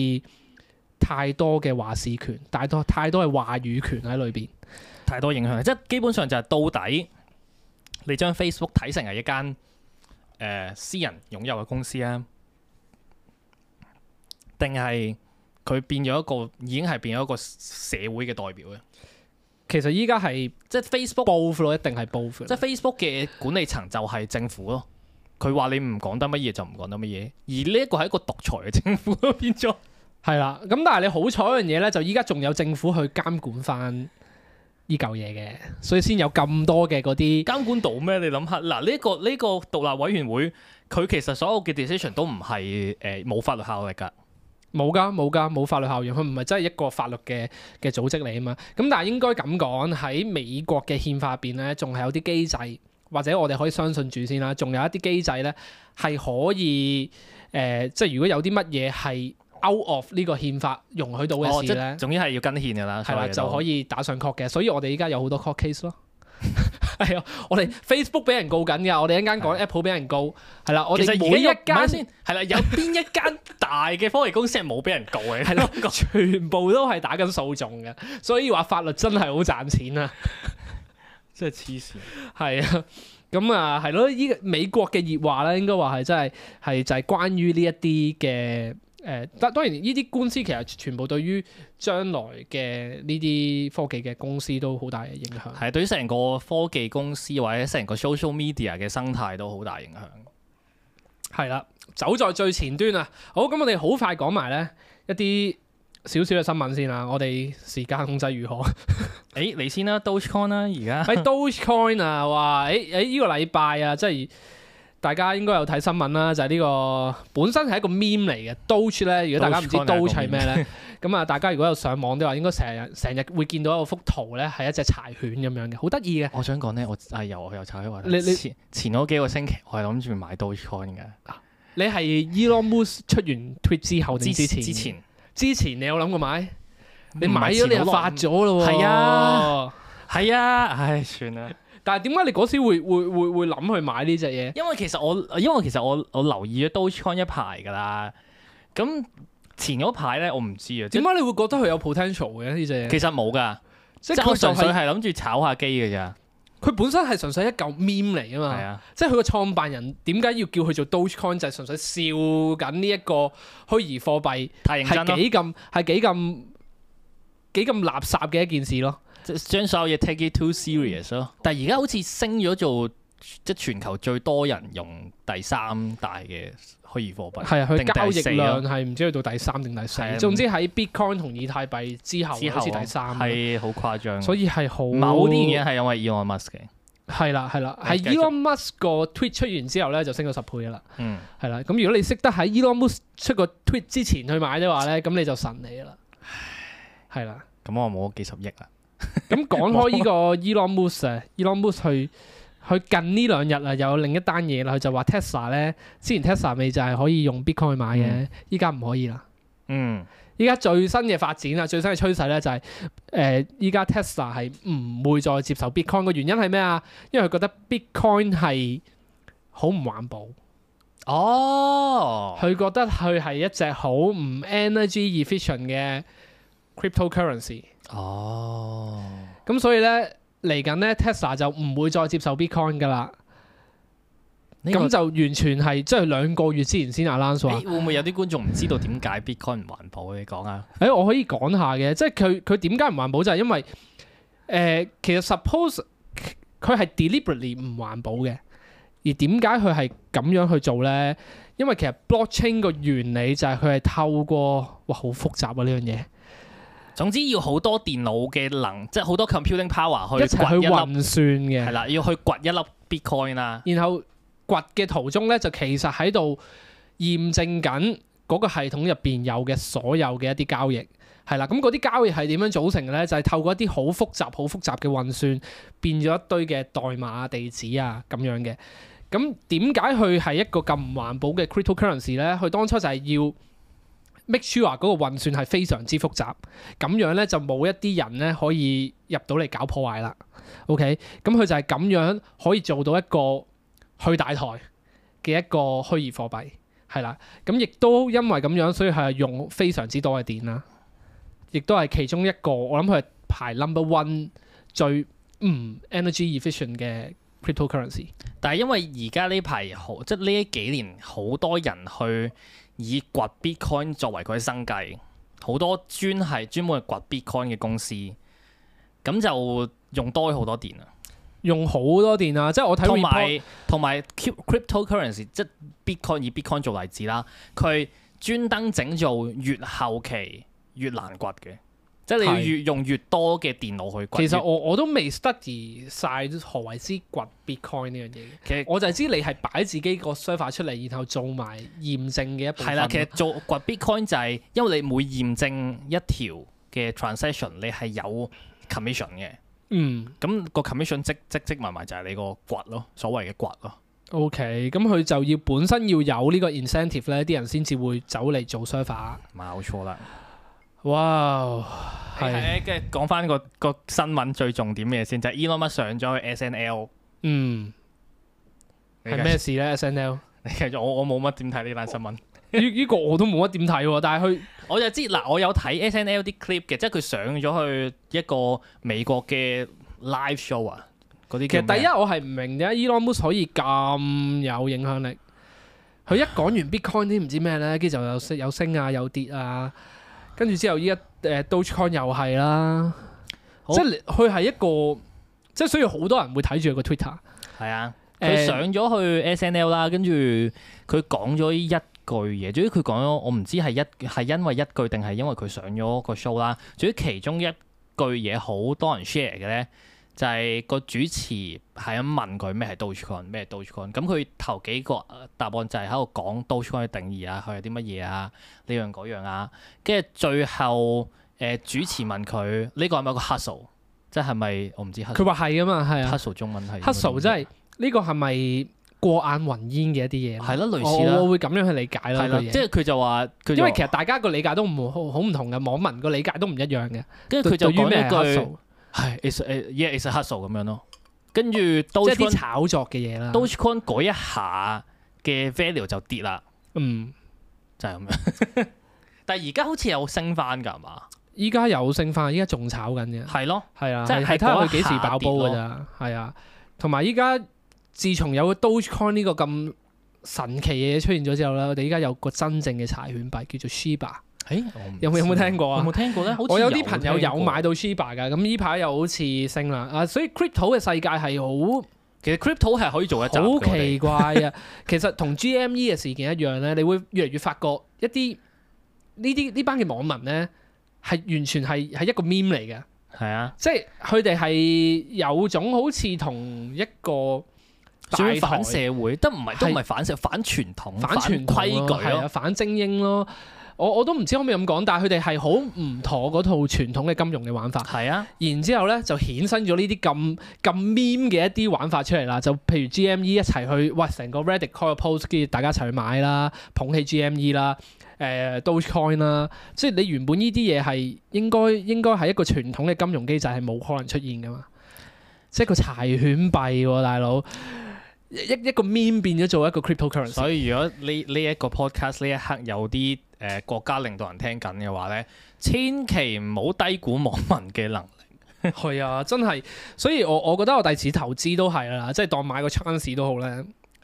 太多嘅話事權，太多太多嘅話語權喺裏邊。太多影響，即係基本上就係到底你將 Facebook 睇成係一間誒、呃、私人擁有嘅公司啊，定係佢變咗一個已經係變咗一個社會嘅代表咧？其實依家係即係 Facebook both 咯，一定係 both。即係 Facebook 嘅管理層就係政府咯，佢話 [laughs] 你唔講得乜嘢就唔講得乜嘢，而呢一個係一個獨裁嘅政府咯 [laughs] 變咗了。係啦，咁但係你好彩一樣嘢咧，就依家仲有政府去監管翻。依舊嘢嘅，所以先有咁多嘅嗰啲監管到咩？你諗下，嗱，呢個呢個獨立委員會，佢其實所有嘅 decision 都唔係誒，冇法律效力㗎，冇㗎冇㗎，冇法律效應，佢唔係真係一個法律嘅嘅組織嚟啊嘛。咁但係應該咁講，喺美國嘅憲法入邊咧，仲係有啲機制，或者我哋可以相信住先啦。仲有一啲機制咧，係可以誒，即係如果有啲乜嘢係。out of 呢個憲法容許到嘅事咧，哦、總之係要跟憲噶啦，係啦就可以打上 court 嘅，所以我哋依家有好多 court case 咯。係 [laughs] 啊，我哋 Facebook 俾人告緊噶，我哋一間講 Apple 俾人告，係啦，我哋每一間係啦，有邊一間 [laughs] 大嘅科技公司係冇俾人告嘅？係啦， [laughs] 全部都係打緊訴訟嘅，所以話法律真係好賺錢啊！ [laughs] 真係黐線，係啊，咁啊，係咯，依個美國嘅熱話咧，應該話係真係係就係關於呢一啲嘅。誒，但當然呢啲官司其實全部對於將來嘅呢啲科技嘅公司都好大嘅影響，係對於成個科技公司或者成個 social media 嘅生態都好大影響。係啦的，走在最前端啊！好，咁我哋好快講埋咧一啲少少嘅新聞先啦。我哋時間控制如何？誒 [laughs] 嚟、欸、先啦，Dogecoin 啦，而家喺 Dogecoin 啊！哇，誒誒呢個禮拜啊，即係～大家應該有睇新聞啦，就係呢個本身係一個 meme 嚟嘅 Doge 咧。如果大家唔知 Doge 係咩咧，咁啊，大家如果有上網的話，應該成日成日會見到一個幅圖咧，係一隻柴犬咁樣嘅，好得意嘅。我想講咧，我啊又又炒一話。你你前前嗰幾個星期，我係諗住買 Dogecoin 嘅。你係 Elon Musk 出完 tweet 之後定之前？之前之前你有諗過買？你買咗你又發咗咯喎？係啊，係啊，唉，算啦。但係點解你嗰時會會會會諗去買呢隻嘢？因為其實我，因為其實我我留意咗 Dogecoin 一排噶啦。咁前嗰排咧，我唔知啊。點解你會覺得佢有 potential 嘅呢隻嘢？其實冇噶，即係我純粹係諗住炒下機嘅咋。佢本身係純粹一嚿 meme 嚟啊嘛。係啊的，即係佢個創辦人點解要叫佢做 Dogecoin 就係純粹笑緊呢一個虛擬貨幣，係幾咁係幾咁幾咁垃圾嘅一件事咯。即將所有嘢 take it too serious 咯，但係而家好似升咗做即係全球最多人用第三大嘅虛擬貨幣，係啊，佢交易量係唔知去到第三定第四，的總之喺 Bitcoin 同以太幣之後好似第三，係好誇張，所以係好某啲原因係因為 Elon Musk 嘅，係啦係啦，係 Elon Musk 個 tweet 出完之後咧就升咗十倍啦，嗯，係啦，咁如果你識得喺 Elon Musk 出個 tweet 之前去買嘅話咧，咁你就神你啦，係啦，咁、嗯、我冇幾十億啦。咁 [laughs] 講開呢個 Elon Musk，Elon Musk 去去近呢兩日啊，有另一單嘢啦。佢就話 Tesla 咧，之前 Tesla 未就係可以用 Bitcoin 去買嘅，依家唔可以啦。嗯，依家最新嘅發展啊，最新嘅趨勢咧就係誒，依家 Tesla 係唔會再接受 Bitcoin 嘅原因係咩啊？因為佢覺得 Bitcoin 係好唔環保。哦，佢覺得佢係一隻好唔 energy efficient 嘅 cryptocurrency。哦，咁所以咧嚟緊咧 Tesla 就唔會再接受 Bitcoin 噶啦，咁就完全係即係兩個月之前先阿 Lance 話，會唔會有啲觀眾唔知道點解 Bitcoin 唔環保？嗯、你講啊，誒、欸，我可以講下嘅，即係佢佢點解唔環保就係、是、因為誒、呃，其實 Suppose 佢係 deliberately 唔環保嘅，而點解佢係咁樣去做咧？因為其實 Blockchain 個原理就係佢係透過哇，好複雜啊呢樣嘢。總之要好多電腦嘅能，即係好多 computing power 去一,一齊去運算嘅，係啦，要去掘一粒 bitcoin 啦。然後掘嘅途中咧，就其實喺度驗證緊嗰個系統入邊有嘅所有嘅一啲交易，係啦。咁嗰啲交易係點樣組成嘅咧？就係、是、透過一啲好複雜、好複雜嘅運算變咗一堆嘅代碼、地址啊咁樣嘅。咁點解佢係一個咁環保嘅 cryptocurrency 咧？佢當初就係要。make sure 嗰個運算係非常之複雜，咁樣咧就冇一啲人咧可以入到嚟搞破壞啦。OK，咁佢就係咁樣可以做到一個去大台嘅一個虛擬貨幣，係啦。咁亦都因為咁樣，所以係用非常之多嘅電啦，亦都係其中一個我諗佢係排 number one 最唔 energy efficient 嘅 cryptocurrency。但係因為而家呢排好即係呢幾年好多人去。以掘 Bitcoin 作為佢嘅生計，好多專係專門去掘 Bitcoin 嘅公司，咁就用多好多電啊，用好多電啊！即係我睇同埋同埋 Crypto Currency，即 Bitcoin 以 Bitcoin 做例子啦，佢專登整做越後期越難掘嘅。即係你要越用越多嘅電腦去掘。其實我我都未 study 曬何為之掘 Bitcoin 呢樣嘢。其實我就係知你係擺自己個 server 出嚟，然後做埋驗證嘅一部分。係啦，其實做掘 Bitcoin 就係因為你每驗證一條嘅 transaction，你係有 commission 嘅。嗯。咁個 commission 積積積埋埋就係你個掘咯，所謂嘅掘咯。OK，咁佢就要本身要有呢個 incentive 咧，啲人先至會走嚟做 server。冇錯啦。哇！係、wow，跟住講翻個個新聞最重點嘅嘢先，就係、是、Elon Musk 上咗去 L, S N L。嗯，係咩看事咧？S N L，其實我我冇乜點睇呢單新聞。呢依哇 [laughs] 個我都冇乜點睇喎。但係佢，我就知嗱，我有睇 S N L 啲 clip 嘅，即係佢上咗去一個美國嘅 live show 啊，嗰啲。其實第一我係唔明點解 Elon Musk 可以咁有影響力。佢一講完 Bitcoin 啲唔知咩咧，跟住就有有升啊，有跌啊。跟住之後，依一誒 Dogecoin 又係啦，好即係佢係一個，即係所以好多人會睇住佢個 Twitter，係啊，佢上咗去 SNL 啦，跟住佢講咗一句嘢，總之佢講咗，我唔知係一係因為一句定係因為佢上咗個 show 啦，總之其中一句嘢好多人 share 嘅咧。就係個主持係咁問佢咩係 Dogecoin 咩係 Dogecoin。咁佢頭幾個答案就係喺度講 Dogecoin 嘅定義啊，係啲乜嘢啊，呢樣嗰樣啊，跟住最後誒主持問佢呢個係咪個 hustle 即係咪，我唔知，佢話係啊嘛，係啊 hustle 中文係 hustle 即係呢個係咪過眼雲煙嘅一啲嘢？係咯，類似我會咁樣去理解咯，即係佢就話，因為其實大家個理解都唔好唔同嘅，網民個理解都唔一樣嘅，跟住佢就講一句。係，is a yeah is a hustle 咁樣咯。跟住即係啲炒作嘅嘢啦。Dogecoin 改一下嘅 value 就跌啦。嗯，就係咁樣。 [laughs] 但係而家好似有升翻噶，係嘛？依家有升翻，依家仲炒緊嘅。係咯，係啊，即係睇佢幾時爆煲噶咋。係啊，同埋依家自從有個 Dogecoin 呢個咁神奇嘅嘢出現咗之後咧，我哋依家有個真正嘅柴犬幣叫做 Shiba。誒，欸、有冇有冇聽過啊？有冇聽過咧？好似我有啲朋友過有買到 Shiba 噶咁呢排又好似升啦。啊，所以 crypto 嘅世界係好，其實 crypto 係可以做一集。好奇怪啊！ [laughs] 其實同 GME 嘅事件一樣咧，你會越嚟越發覺一啲呢啲呢班嘅網民咧，係完全係係一個 meme 嚟嘅。係啊，即係佢哋係有種好似同一個反社會，都唔係都唔係反社是反傳統、反傳統規矩咯，反精英咯。我我都唔知可唔可以咁講，但係佢哋係好唔妥嗰套傳統嘅金融嘅玩法。係啊，然之後咧就衍生咗呢啲咁咁 meme 嘅一啲玩法出嚟啦。就譬如 GME 一齊去，哇！成個 Reddit call 嘅 post，跟住大家一齊去買啦，捧起 GME 啦、呃，誒 Dogecoin 啦、啊。即係你原本呢啲嘢係應該應該係一個傳統嘅金融機制係冇可能出現噶嘛。即係個柴犬幣喎、啊，大佬一一個 meme 變咗做一個 cryptocurrency。所以如果呢呢一個 podcast 呢一刻有啲，誒國家領導人聽緊嘅話咧，千祈唔好低估網民嘅能力。係 [laughs] 啊，真係，所以我我覺得我第二次投資都係啦，即係當買個 chance 都好咧，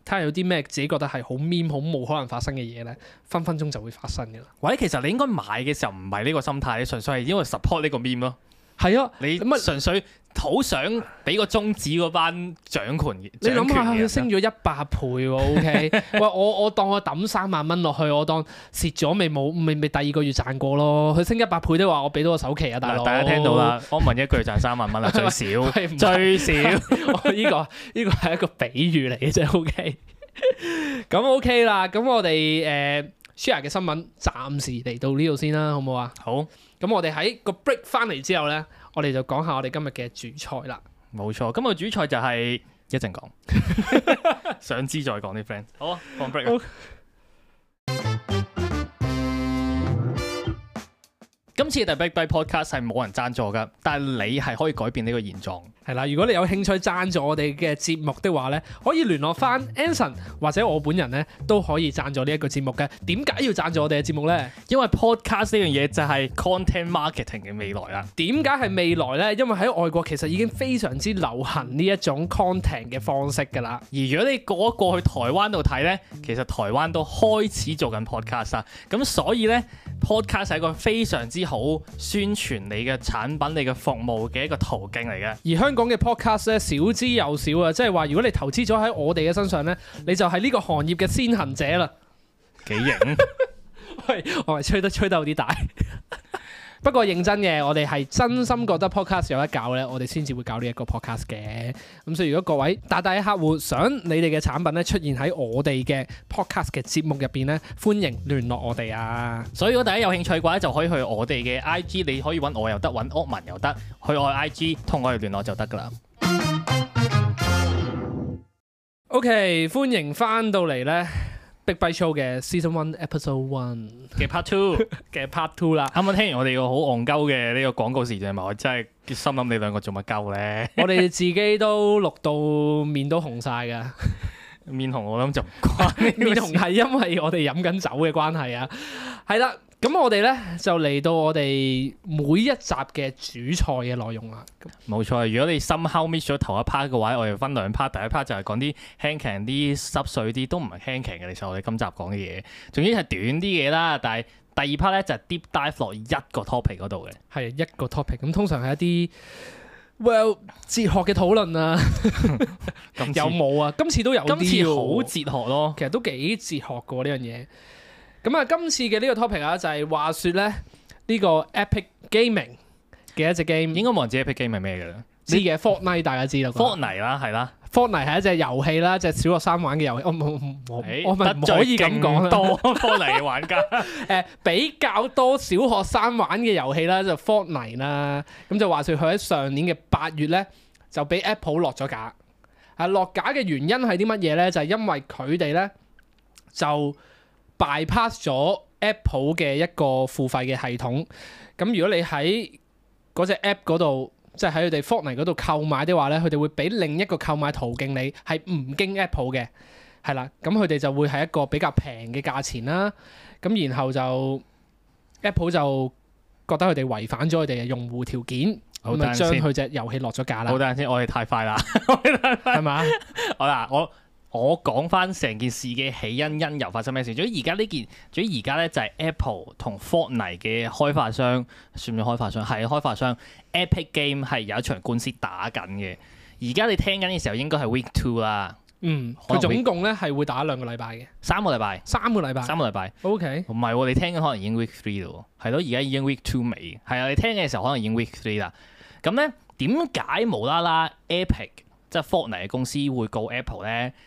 睇下有啲咩自己覺得係好 meme 好冇可能發生嘅嘢咧，分分鐘就會發生㗎啦。或者其實你應該買嘅時候唔係呢個心態，純粹係因為 support 呢個 meme 咯。係啊，你咁咪純粹好想俾個終止嗰班掌權你諗下，佢升咗一百倍喎，OK？ [laughs] 喂，我我當我抌三萬蚊落去，我當蝕咗咪冇咪咪第二個月賺過咯？佢升一百倍都話我俾到個首期啊，大佬，大家聽到啦，我問一句，賺三萬蚊啊，最少最少，依個呢個係一個比喻嚟嘅啫，OK？咁 [laughs] OK 啦，咁我哋誒 share 嘅新聞暫時嚟到呢度先啦，好唔好啊？好。好咁我哋喺個 break 翻嚟之後咧，我哋就講下我哋今日嘅主菜啦。冇錯，今日主菜就係一陣講， [laughs] [laughs] 想知再講啲 friend。好，啊，放 break。今次嘅 The Big Byte podcast 係冇人贊助嘅，但係你係可以改變呢個現狀。係啦，如果你有興趣贊助我哋嘅節目的話咧，可以聯絡翻 Anson 或者我本人咧，都可以贊助呢一個節目嘅。點解要贊助我哋嘅節目咧？因為 podcast 呢樣嘢就係 content marketing 嘅未來啦。點解係未來咧？因為喺外國其實已經非常之流行呢一種 content 嘅方式㗎啦。而如果你過一過去台灣度睇咧，其實台灣都開始做緊 podcast 啦。咁所以咧，podcast 係一個非常之好宣傳你嘅產品、你嘅服務嘅一個途徑嚟嘅。而香講嘅 podcast 咧少之又少啊！即係話，如果你投資咗喺我哋嘅身上咧，你就係呢個行業嘅先行者啦。幾型啊？ [laughs] 喂，我係吹得吹得有啲大。 [laughs] 不過認真嘅，我哋係真心覺得 podcast 有得搞呢。我哋先至會搞呢一個 podcast 嘅。咁所以如果各位大大嘅客戶想你哋嘅產品咧出現喺我哋嘅 podcast 嘅節目入邊呢，歡迎聯絡我哋啊！所以如果大家有興趣嘅話就可以去我哋嘅 IG，你可以揾我又得，揾歐文又得，去我 IG 同我哋聯絡就得㗎喇。OK，歡迎翻到嚟呢。Big Byte Show 嘅 Season One Episode One 嘅 Part Two 嘅 Part Two 啦，啱啱聽完我哋個好戇鳩嘅呢個廣告時就，我真係心諗你兩個做乜鳩咧？我哋自己都錄到面都紅曬嘅，面紅我諗就唔關，面紅係因為我哋飲緊酒嘅關係啊，係啦。咁我哋咧就嚟到我哋每一集嘅主菜嘅內容啦。冇錯，如果你 somehow miss 咗頭一 part 嘅話，我哋分兩 part。第一 part 就係講啲輕鬆啲、濕碎啲，都唔係輕鬆嘅。其實我哋今集講嘅嘢，總之係短啲嘢啦。但係第二 part 咧就係 deep dive 落一個 topic 嗰度嘅，係一個 topic。咁通常係一啲，Well，哲學嘅討論啊， [laughs] 今次 [laughs] 有冇啊？今次都有，今次好哲學咯。其實都幾哲學嘅呢、啊、樣嘢。咁啊，今次嘅呢個 topic 啊，就係話說咧、e，呢個 Epic Gaming 嘅一隻 game，應該冇人知 Epic Gaming 咩嘅啦，知嘅 Fortnite 大家知道 Fortnite 啦，係啦，Fortnite 係一隻遊戲啦，隻小學生玩嘅遊戲，我唔，唔可以咁講多 Fortnite 嘅玩家，誒， [laughs] [laughs] 比較多小學生玩嘅遊戲啦，就 Fortnite 啦，咁就話說佢喺上年嘅八月咧，就俾 Apple 落咗架，啊，落架嘅原因係啲乜嘢咧？就係因為佢哋咧就。bypass 咗 Apple 嘅一個付費嘅系統，咁如果你喺嗰隻 App 嗰度，即係喺佢哋 Fortnite 嗰度購買的話呢，佢哋會俾另一個購買途徑你係唔經 Apple 嘅，係啦，咁佢哋就會係一個比較平嘅價錢啦，咁然後就 Apple 就覺得佢哋違反咗佢哋嘅用戶條件，咁咪將佢隻遊戲落咗架啦。好等先，我哋太快啦，係 [laughs] 嘛吧？ [laughs] 好啦，我。我講翻成件事嘅起因、因由，發生咩事？至於而家呢件，至於而家咧，就係 Apple 同 Fortnite 嘅開發商，算唔算開發商？係開發商，Epic Game 係有一場官司打緊嘅。而家你在聽緊嘅時候，應該係 Week Two 啦。嗯，佢總共咧係會打兩個禮拜嘅，三個禮拜，三個禮拜，三個禮拜。O K，唔係，你聽緊可能已經 Week Three 咯，係咯，而家已經 Week Two 尾，係啊，你聽嘅時候可能已經 Week Three 啦。咁咧，點解無啦啦 Epic 即係 Fortnite 公司會告 Apple 咧？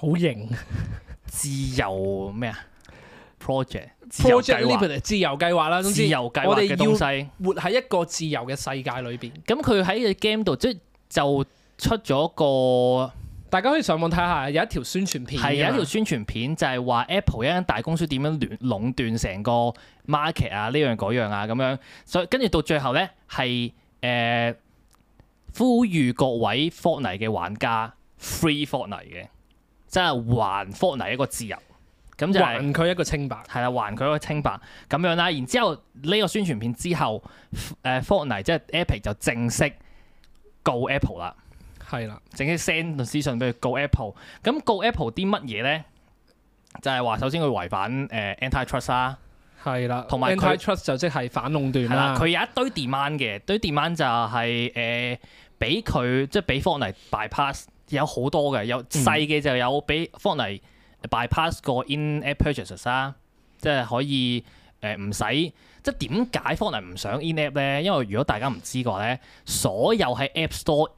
好型 Project，自由咩啊？project，project 呢個係自由計劃啦，總之我哋要世活喺一個自由嘅世界裏邊。咁佢喺個 game 度即係就出咗個，大家可以上網睇下，有一條宣傳片，係有一條宣傳片就係話 Apple 一間大公司點樣壟壟斷成個 market 啊，呢樣嗰樣啊咁樣。所以跟住到最後咧係誒呼籲各位 Fortnite 嘅玩家 Free Fortnite 嘅。即係還 Fortnite 一個自由，咁就係、是、還佢一個清白，係啦，還佢一個清白咁樣啦。然之後呢、這個宣傳片之後，誒、呃、Fortnite 即係 Epic 就正式告 Apple 啦，係啦的，正式 send 私信俾佢告 Apple。咁告 Apple 啲乜嘢咧？就係、是、話首先佢違反誒 Antitrust 啦的，係啦，同埋 Antitrust 就即係反壟斷啦。佢有一堆 demand 嘅，堆 demand 就係誒俾佢即係俾 Fortnite bypass。有好多嘅，有細嘅就有俾 Fortnite bypass 個 in-app purchases 啦、呃，即係可以誒唔使。即係點解 Fortnite 唔上 in-app 咧？因為如果大家唔知嘅話咧，所有喺 App Store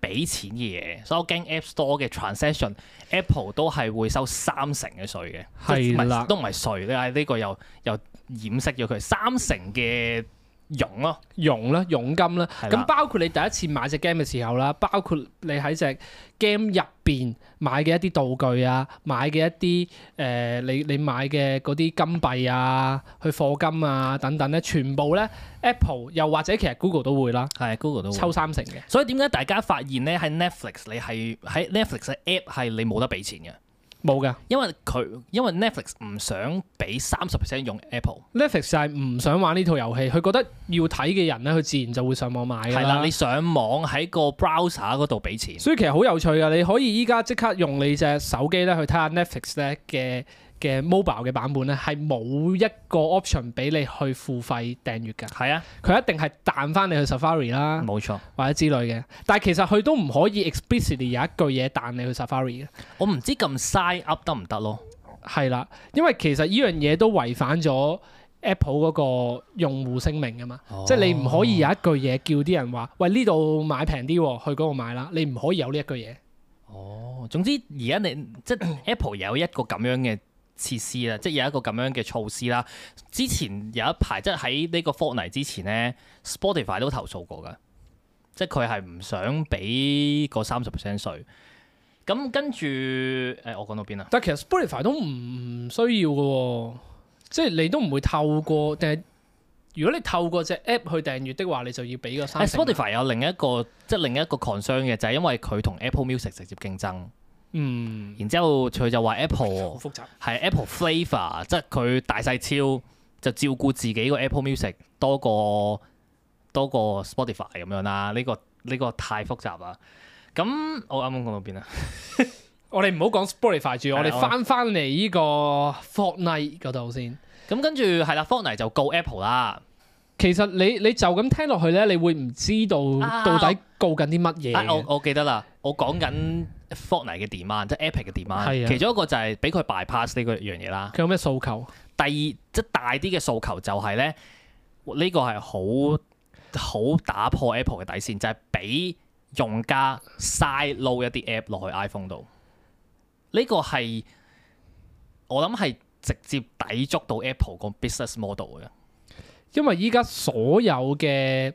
俾錢嘅嘢，所有經 App Store 嘅 transaction，Apple 都係會收三成嘅稅嘅，的即係都唔係稅咧。呢、這個又又掩飾咗佢三成嘅。傭咯，傭啦、啊，佣、啊、金啦、啊，咁的包括你第一次買隻 game 嘅時候啦，包括你喺隻 game 入邊買嘅一啲道具啊，買嘅一啲誒、呃，你你買嘅嗰啲金幣啊，去課金啊等等咧，全部咧 Apple 又或者其實 Google 都會啦，係 Google 都會抽三成嘅。所以點解大家發現咧喺 Netflix 你係喺 Netflix 嘅 app 係你冇得俾錢嘅？冇㗎，因為佢因為 Netflix 唔想俾三十 percent 用 Apple，Netflix 就係唔想玩呢套遊戲，佢覺得要睇嘅人咧，佢自然就會上網買㗎啦。係啦，你上網喺個 browser 嗰度俾錢。所以其實好有趣㗎，你可以依家即刻用你隻手機咧去睇下 Netflix 咧嘅。嘅 mobile 嘅版本咧，係冇一個 option 俾你去付費訂閲㗎。係啊，佢一定係彈翻你去 Safari 啦。冇錯，或者之類嘅。但係其實佢都唔可以 explicitly 有一句嘢彈你去 Safari 嘅。我唔知咁 sign up 得唔得咯？係啦，因為其實依樣嘢都違反咗 Apple 嗰個用戶聲明㗎嘛。哦、即係你唔可以有一句嘢叫啲人話，喂，呢度買平啲，去嗰度買啦。你唔可以有呢一句嘢。哦，總之而家你即係 Apple 有一個咁樣嘅。 [laughs] 設施啦，即係有一個咁樣嘅措施啦。之前有一排即係喺呢個 Fortnite 之前咧，Spotify 都投訴過㗎，即係佢係唔想俾個三十 percent 稅。咁跟住誒，我講到邊啊？但係其實 Spotify 都唔需要嘅喎，即係你都唔會透過，但係如果你透過隻 app 去訂閱的話，你就要俾個三十 p、欸、Spotify 有另一個即係另一個 concern 嘅，就係、是、因為佢同 Apple Music 直接競爭。嗯，然之後佢就話 Apple，係 Apple flavor，即係佢大細超就照顧自己個 Apple Music 多過多過 Spotify 咁樣啦。呢、這個呢、這個太複雜啦。咁我啱啱講到邊啊？我哋唔好講 Spotify 住， [laughs] [laughs] 我哋翻翻嚟呢個 Fortnite 嗰度先。咁跟住 [laughs] 係啦 Fortnite 就告 Apple 啦。其實你你就咁聽落去咧，你會唔知道到底告緊啲乜嘢？我我，我記得啦，我講緊、嗯。嗯 Fortnite 嘅 demand，即係 Epic 嘅 demand，係啊，其中一個就係俾佢 bypass 呢個樣嘢啦。佢有咩訴求？第二，即、就、係、是、大啲嘅訴求就係、是、咧，呢、這個係好好打破 Apple 嘅底線，就係、是、俾用家 sideload 一啲 App 落去 iPhone 度。呢、這個係我諗係直接抵觸到 Apple 個 business model 嘅，因為依家所有嘅。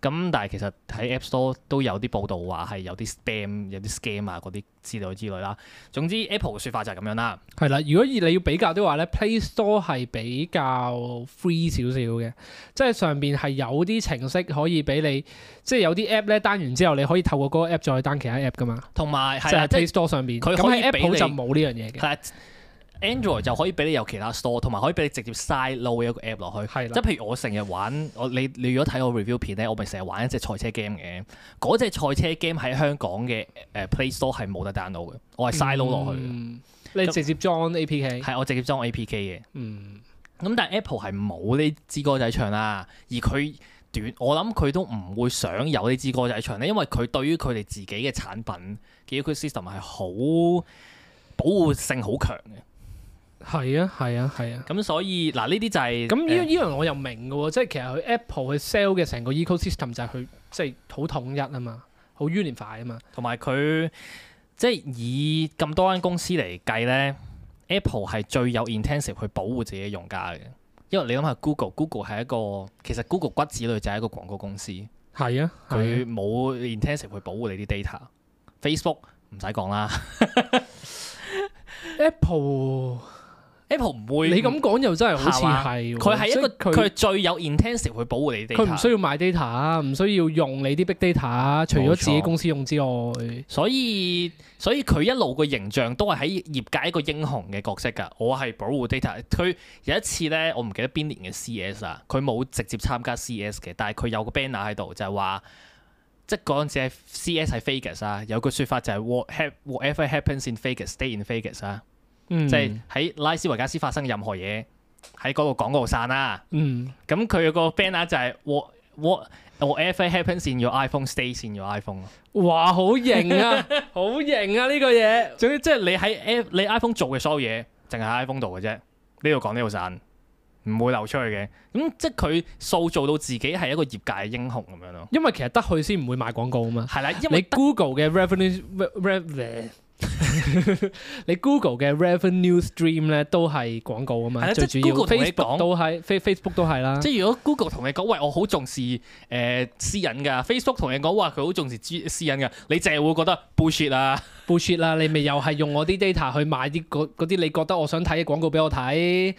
咁但係其實喺 App Store 都有啲報道話係有啲 spam 有啲 scam 啊嗰啲之類之類啦。總之 Apple 嘅説法就係咁樣啦。係啦，如果要你要比較的話咧，Play Store 係比較 free 少少嘅，即係上邊係有啲程式可以俾你，即係有啲 app 咧 down 完之後你可以透過嗰個 app 再 down 其他 app 噶嘛。同埋係啊，Play Store 上邊佢喺 Apple 就冇呢樣嘢嘅。嗯 Android 就可以俾你有其他 store，同埋可以俾你直接 download 一個 app 落去的。即係譬如我成日玩我你你如果睇我 review 片咧，我咪成日玩一隻賽車 game 嘅。嗰隻賽車 game 喺香港嘅誒、呃、Play Store 係冇得 download 嘅，我係 download 落去。你直接裝 APK？係我直接裝 APK 嘅。咁、嗯、但 Apple 係冇呢支歌仔唱啦，而佢短我諗佢都唔會想有呢支歌仔唱咧，因為佢對於佢哋自己嘅產品嘅 ecosystem 係好保護性好強嘅。係啊，係啊，係啊。咁、嗯、所以嗱，呢啲就係、是、咁。呢依樣我又明嘅喎，即係其實佢 Apple 佢 sell 嘅成個 ecosystem 就係佢即係好統一啊嘛，好 unify 啊嘛。同埋佢即係以咁多間公司嚟計呢，Apple 係最有 intensive 去保護自己嘅用家嘅。因為你諗下 Google，Google 係一個其實 Google 骨子裏就係一個廣告公司。係啊，佢冇、啊、intensive 去保護你啲 data。Facebook 唔使講啦，Apple。Apple 唔會，你咁講又真係好似係，佢係一個佢係最有 intensive 去保護你哋。佢唔需要賣 data 唔需要用你啲 big data 除咗自己公司用之外。所以所以佢一路個形象都係喺業界一個英雄嘅角色㗎。我係保護 data。佢有一次咧，我唔記得邊年嘅 CS 啊，佢冇直接參加 CS 嘅，但係佢有個 banner 喺度，就係、是、話，即係嗰陣時喺 CS 係 Vegas 啊，有個説法就係、是、whatever happens in Vegas stay in Vegas 啊。即係喺拉斯維加斯發生任何嘢，喺嗰個廣告散啦。咁佢有個 banner 就係 What What What Airphone Happens in Your iPhone Stays in Your iPhone。哇，好型啊，好型啊！呢個嘢，總之即係你喺 Air 你 iPhone 做嘅所有嘢，淨係 iPhone 度嘅啫。呢度講，呢度散，唔會流出去嘅。咁即係佢塑造到自己係一個業界嘅英雄咁樣咯。因為其實得佢先唔會賣廣告啊嘛。係啦，因為你 Google 嘅 Revenue Revenue。 [laughs] 你 Google 嘅 Revenue Stream 咧都係廣告啊嘛，的最主要 Facebook 都係，Face Facebook 都係啦。即係如果 Google 同你講，喂，我好重視誒、呃、私隱噶；Facebook 同你講，哇，佢好重視私私隱噶。你淨係會覺得 bullshit 啊，bullshit 啊，你咪又係用我啲 data 去買啲嗰啲你覺得我想睇嘅廣告俾我睇。 [laughs]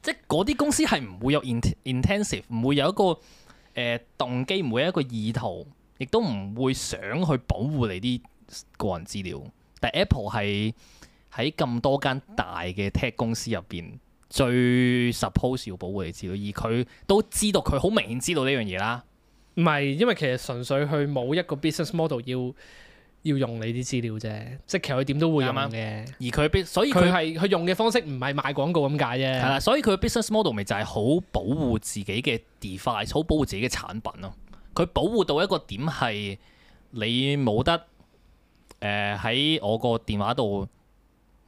即係嗰啲公司係唔會有 intensive，唔會有一個誒、呃、動機，唔會有一個意圖，亦都唔會想去保護你啲個人資料。但 Apple 係喺咁多間大嘅 tech 公司入邊最 suppose 要保護你資料，而佢都知道佢好明顯知道呢樣嘢啦。唔係，因為其實純粹佢冇一個 business model 要要用你啲資料啫。即係其實佢點都會咁樣嘅。而佢，所以佢係佢用嘅方式唔係賣廣告咁解啫。係啦，所以佢 business model 咪就係好保護自己嘅 device，好保護自己嘅產品咯。佢保護到一個點係你冇得。誒，喺我個電話度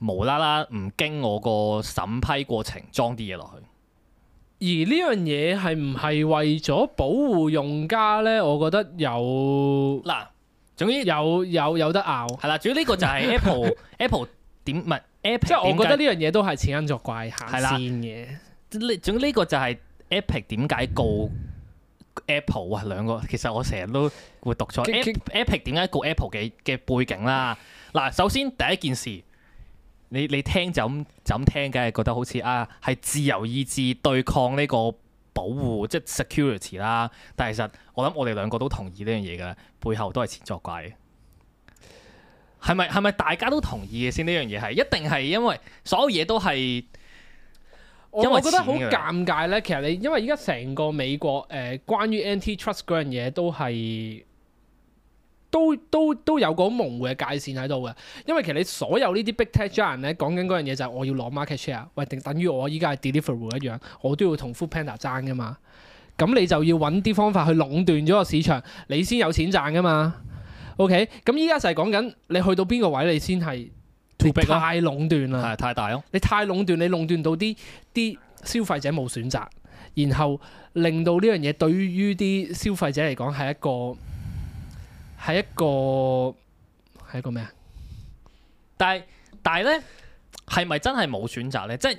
無啦啦唔經我個審批過程裝啲嘢落去，而呢樣嘢係唔係為咗保護用家呢？我覺得有嗱，總之有有有得拗係、嗯、啦。主要呢個就係 Apple [laughs] Apple 點唔係 Apple，即係我覺得呢樣嘢都係錢銀作怪下先嘅。總之呢個就係 Epic 點解告？Apple 啊，兩個其實我成日都會讀錯。結 Epic 點解個 Apple 嘅嘅背景啦？嗱，首先第一件事，你你聽就咁就咁聽，梗係覺得好似啊，係自由意志對抗呢個保護，即係 security 啦。但係其實我諗我哋兩個都同意呢樣嘢噶，背後都係錢作怪嘅。係咪係咪大家都同意嘅先？呢樣嘢係一定係因為所有嘢都係。因為我覺得好尷尬咧，其實你因為依家成個美國誒、呃，關於 Anti-trust 嗰樣嘢都係都都都有個模糊嘅界線喺度嘅。因為其實你所有呢啲 Big Tech 商人咧，講緊嗰樣嘢就係我要攞 market share，喂，等等於我依家係 deliverable 一樣，我都要同 Food Panda 爭噶嘛。咁你就要揾啲方法去壟斷咗個市場，你先有錢賺噶嘛。OK，咁依家就係講緊你去到邊個位，你先係。太壟斷啦，太大咯。你太壟斷，太你太壟斷，你壟斷到啲啲消費者冇選擇，然後令到呢樣嘢對於啲消費者嚟講係一個係一個係一個咩啊？但係但係咧，係咪真係冇選擇咧？即係。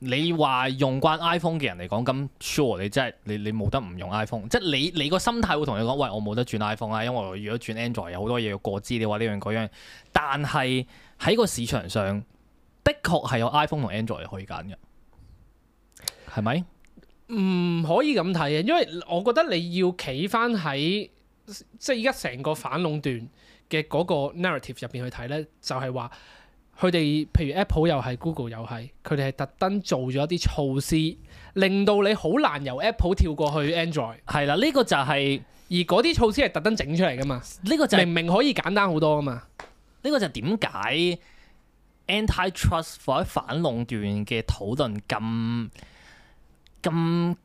你話用慣 iPhone 嘅人嚟講，咁 sure 你真係你你冇得唔用 iPhone，即係你你個心態會同你講，喂，我冇得轉 iPhone 啊，因為如果轉 Android 有好多嘢要過資，你話呢樣嗰樣,樣。但係喺個市場上的確係有 iPhone 同 Android 可以揀嘅，係咪？唔、嗯、可以咁睇嘅，因為我覺得你要企翻喺即係依家成個反壟斷嘅嗰個 narrative 入邊去睇呢，就係、是、話。佢哋譬如 Apple 又係 Google 又係，佢哋係特登做咗一啲措施，令到你好難由 Apple 跳過去 Android。係啦，呢個就係、係、而嗰啲措施係特登整出嚟噶嘛。呢個、就係、明明可以簡單好多噶嘛。呢個就點解 anti-trust 或者反壟斷嘅討論咁咁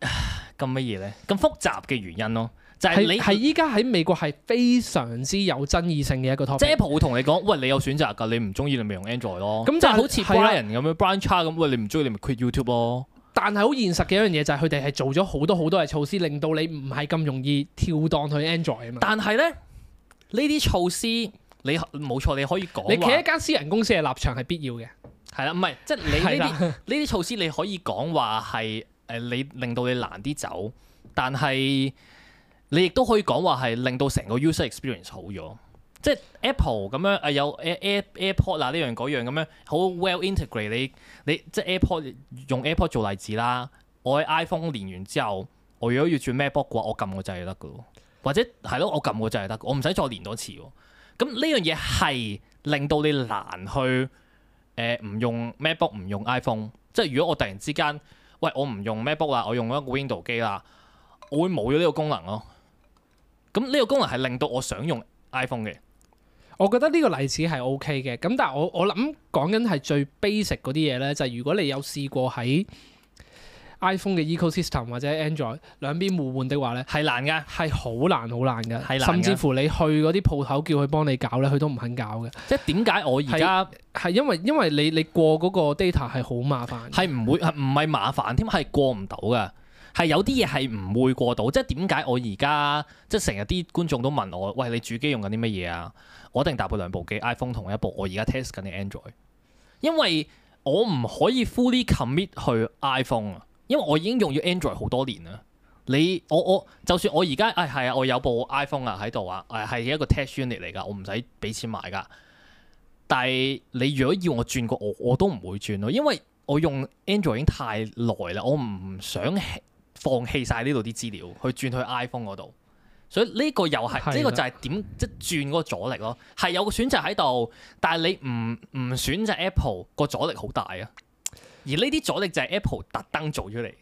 咁乜嘢咧？咁複雜嘅原因咯。就係你係依家喺美國係非常之有爭議性嘅一個 topic。Apple 會同你講：喂，你有選擇㗎，你唔中意你咪用 Android 咯。咁是就好似 Brian 咁樣，Brian Cha 咁喂，你唔中意你咪 quit YouTube 咯。但係好現實嘅一樣嘢就係佢哋係做咗好多好多嘅措施，令到你唔係咁容易跳檔去 Android 啊嘛。但係咧，呢啲措施你冇錯，你可以講。你企一間私人公司嘅立場係必要嘅，係啦，唔係即係你呢啲呢啲措施你可以講話係誒你令到你難啲走，但係。你亦都可以講話係令到成個 user experience 好咗，即係 Apple 咁樣啊有 Air Air AirPod 啊呢樣嗰樣咁樣好 well integrate 你。你你即係 AirPod 用 AirPod 做例子啦，我喺 iPhone 連完之後，我如果要轉 MacBook 嘅話，我撳個掣就得噶，或者係咯，我撳個掣就得，我唔使再連多次。咁呢樣嘢係令到你難去誒唔、呃、用 MacBook 唔用 iPhone。即係如果我突然之間喂我唔用 MacBook 啦，我用一個 Windows 機啦，我會冇咗呢個功能咯。咁呢個功能係令到我想用 iPhone 嘅，我覺得呢個例子係 OK 嘅。咁但係我我諗講緊係最 basic 嗰啲嘢呢，就係如果你有試過喺 iPhone 嘅 ecosystem 或者 Android 兩邊互換的話呢係難嘅，係好難好難嘅，甚至乎你去嗰啲鋪頭叫佢幫你搞呢，佢都唔肯搞嘅。即係點解我而家係因為因為你你過嗰個 data 係好麻煩，係唔會係唔係麻煩添，係過唔到嘅。係有啲嘢係唔會過到，即係點解我而家即係成日啲觀眾都問我，喂你主機用緊啲乜嘢啊？我一定搭配兩部機，iPhone 同一部，我而家 test 緊啲 Android，因為我唔可以 fully commit 去 iPhone 啊，因為我已經用咗 Android 好多年啦。你我我就算我而家啊係啊，我有部 iPhone 啊喺度啊，係一個 test unit 嚟㗎，我唔使俾錢買㗎。但係你如果要我轉過，我我都唔會轉咯，因為我用 Android 已經太耐啦，我唔想。放棄晒呢度啲資料，去轉去 iPhone 嗰度，所以呢個又係呢是的 個就係點即轉嗰個阻力咯，係有個選擇喺度，但係你唔唔選擇 Apple 個阻力好大啊，而呢啲阻力就係 Apple 特登做出嚟，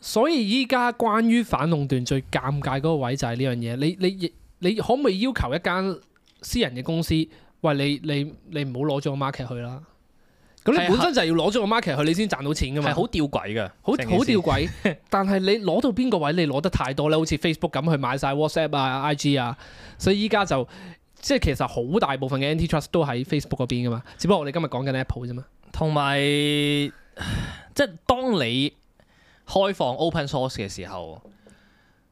所以依家關於反壟斷最尷尬嗰個位就係呢樣嘢，你你亦你可唔可以要求一間私人嘅公司，喂，你你你唔好攞咗個 market 去啦？咁你本身就係要攞咗個 market 去，你先賺到錢噶嘛，係好吊詭噶，好好很是吊詭。 [laughs] 但係你攞到邊個位，你攞得太多咧，好似 Facebook 咁去買晒 WhatsApp 啊、IG 啊，所以依家就即係其實好大部分嘅 Antitrust 都喺 Facebook 嗰邊噶嘛。只不過我哋今日講緊 Apple 啫嘛，同埋即係當你開放 open source 嘅時候，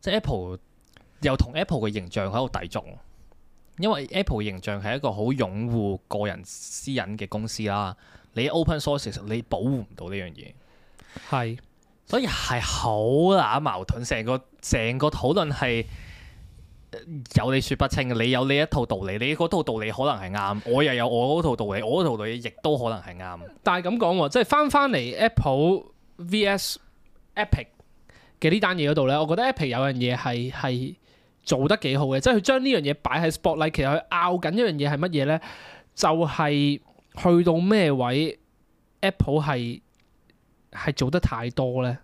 即係 Apple 又同 Apple 嘅形象喺度抵觸，因為 Apple 形象係一個好擁護個人私隱嘅公司啦。你 open source 其實你保護唔到呢樣嘢，係是所以係好大矛盾，成個成個討論係有理說不清嘅，你有你一套道理，你嗰套道理可能係啱，我又有我嗰套道理，我嗰套道理亦都可能係啱。但係咁講喎，即係翻翻嚟 Apple vs Epic 嘅呢單嘢嗰度咧，我覺得 Epic 有樣嘢係係做得幾好嘅，即係佢將呢樣嘢擺喺 Spotlight，其實佢拗緊一樣嘢係乜嘢呢？就係、是。去到咩位，Apple 係係做得太多咧，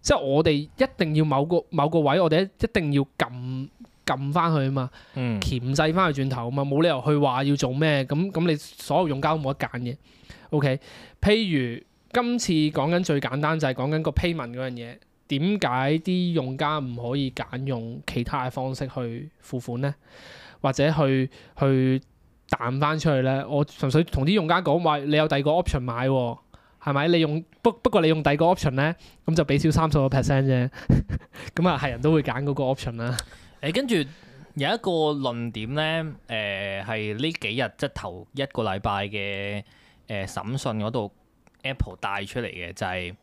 即係我哋一定要某個某個位，我哋一定要撳撳翻去啊嘛，嗯、鉗制翻去轉頭啊嘛，冇理由去話要做咩，咁咁你所有用家都冇得揀嘅。OK，譬如今次講緊最簡單就係講緊個 payment 嗰樣嘢，點解啲用家唔可以揀用其他嘅方式去付款咧，或者去去？彈翻出去咧，我純粹同啲用家講話，你有第二個 option 買喎，係咪？你用不不過你用第二個 option 咧，咁就俾少三十個 percent 啫。咁啊係人都會揀嗰個 option 啦，欸。誒，跟住有一個論點咧，誒係呢幾日即係頭一個禮拜嘅誒審訊嗰度，Apple 帶出嚟嘅就係，是，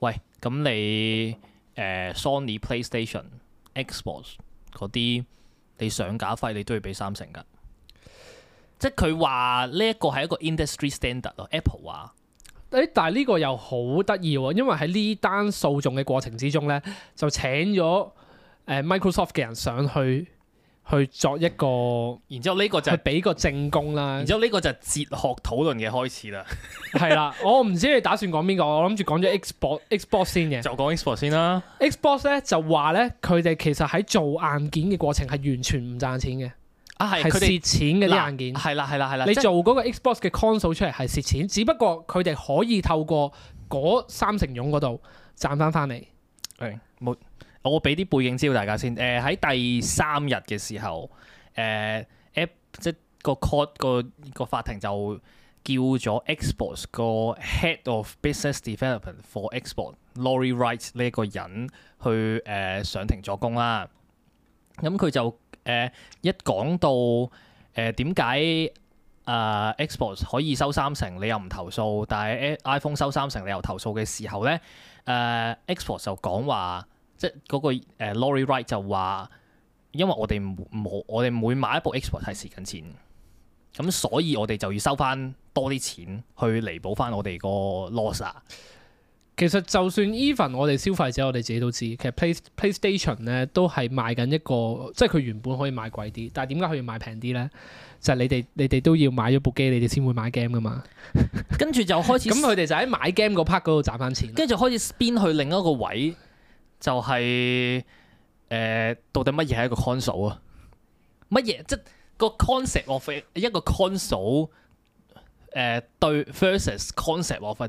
喂，咁你誒、呃、Sony PlayStation、Xbox 嗰啲，你上架費你都要俾三成㗎。即係佢話呢一個係一個 industry standard 咯，Apple 話，誒，但係呢個又好得意喎，因為喺呢單訴訟嘅過程之中咧，就請咗 Microsoft 嘅人上去去作一個，然之後呢個就係、是、俾個證供啦，然之後呢個就係哲學討論嘅開始啦。係 [laughs] 啦，我唔知你打算講邊個，我諗住講咗 Xbox Xbox 先嘅，就講 Xbox 先啦。Xbox 咧就話咧，佢哋其實喺做硬件嘅過程係完全唔賺錢嘅。啊，係係蝕錢嗰啲硬件，係啦係啦係啦。啦啦你做嗰個 Xbox 嘅 console 出嚟係蝕錢，即只不過佢哋可以透過嗰三成傭嗰度賺翻翻嚟。誒、嗯，冇、嗯，我俾啲背景知道大家先。誒、呃，喺第三日嘅時候，誒、呃、app 即係個 court 個個法庭就叫咗 Xbox 個 head of business development for Xbox Laurie Wright 呢個人去誒、呃、上庭作供啦。咁佢、嗯、就。誒一講到誒點解啊 Xbox 可以收三成，你又唔投訴，但係 iPhone 收三成，你又投訴嘅時候咧，誒 Xbox 就講話，即係嗰個 Lori Wright 就話，因為我哋唔冇我哋每買一部 Xbox 係蝕緊錢，咁所以我哋就要收翻多啲錢去彌補翻我哋個 loss。其實就算 even 我哋消費者，我哋自己都知，其實 Play PlayStation 咧都係賣緊一個，即係佢原本可以賣貴啲，但係點解佢要賣平啲咧？就係、是、你哋你哋都要買咗部機，你哋先會買 game 噶嘛。 [laughs] 跟住就開始咁，佢哋 [laughs] 就喺買 game 嗰 part 嗰度賺翻錢，跟住開始 spin 去另一個位，就係、是、誒、呃、到底乜嘢係一個 console 啊？乜嘢？即係個 concept of 一個 console 誒、呃、對 versus concept of。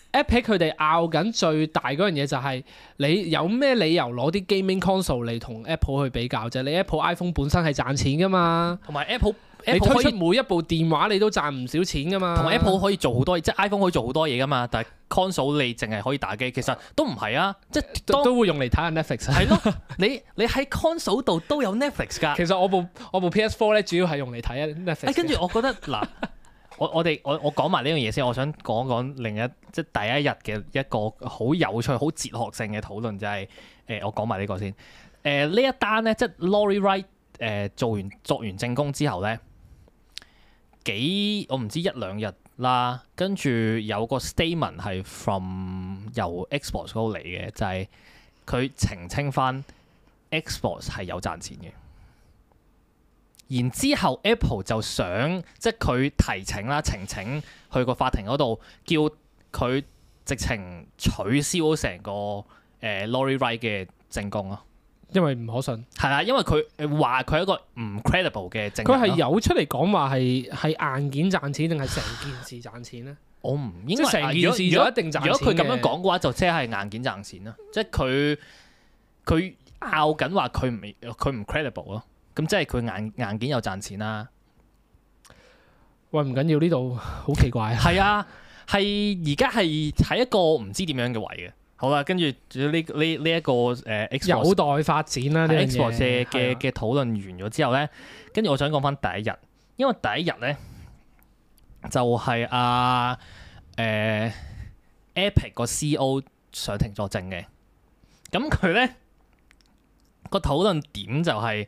Apple 佢哋拗緊最大嗰樣嘢就係你有咩理由攞啲 gaming console 嚟同 Apple 去比較啫？你 Apple iPhone 本身係賺錢噶嘛，同埋 Apple 你推出每一部電話你都賺唔少錢噶嘛，同埋 Apple 可以做好多嘢，即係 iPhone 可以做好多嘢噶嘛，但係 console 你淨係可以打機，其實都唔係啊，即係都，當都會用嚟睇下 Netflix。係咯，你你喺 console 度都有 Netflix 㗎。 [laughs] 其實我部我部 PS4 咧主要係用嚟睇 Netflix。哎，跟住我覺得嗱。 [laughs] 我我哋我我講埋呢樣嘢先，我想講講另一即係第一日嘅一個好有趣、好哲學性嘅討論，就係、是、誒、呃、我講埋呢個先。誒、呃、呢一單咧，即係 Lori Wright 誒、呃、做完作完證供之後咧，幾我唔知一兩日啦，跟住有個 statement 係 from 由 Xbox 度嚟嘅，就係、是、佢澄清返 Xbox 係有賺錢嘅。然之後，Apple 就想即係佢提請啦，請請去個法庭嗰度叫佢直情取消成個誒 Lori Wright 嘅證供咯，因為唔可信。係啦，因為佢話佢係一個唔 credible 嘅證。佢係有出嚟講話係係硬件賺錢定係成件事賺錢咧？我唔應該。成件事。一定賺如果佢咁樣講嘅話，就即係硬件賺錢啦。即係佢佢拗緊話佢唔佢唔 credible 咯。咁即係佢硬硬件又賺錢啦，啊啊。喂，唔緊要呢度，好奇怪啊！係、這個這個、啊，係而家係喺一個唔知點樣嘅位嘅。好啦，跟住呢呢呢一個誒，有待發展啦。呢樣嘢嘅嘅討論完咗之後咧，跟住我想講返第一日，因為第一日咧就係、是、啊誒、呃、Epic 個 CEO 上庭作證嘅。咁佢咧個討論點就係、是。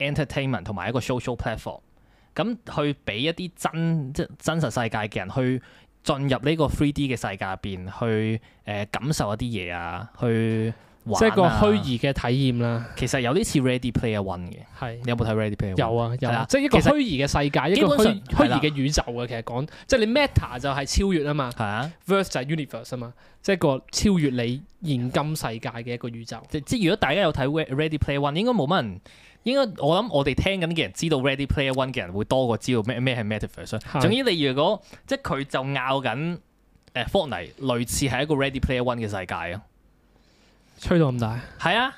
Entertainment 同埋一個 social platform，咁去俾一啲真即真實世界嘅人去進入呢個 three D 嘅世界入邊，去誒感受一啲嘢啊，去玩啊，即係個虛擬嘅體驗啦。其實有啲似 Ready Player One 嘅，係是你有冇睇 Ready Player One？有啊有啊，有實即係一個虛擬嘅世界，一個虛虛擬嘅宇宙啊。其實講即係你 Meta 就係超越嘛啊嘛，Verse 就係 Universe 啊嘛，即係個超越你現今世界嘅一個宇宙。即即，即如果大家有睇 Ready Player One，應該冇乜人。應該我諗我哋聽緊嘅人知道 Ready Player One 嘅人會多過知道咩咩係 Metaverse。係。總之你如果即係佢就拗緊誒，Fortnite 類似係一個 Ready Player One 嘅世界啊！吹到咁大，係啊！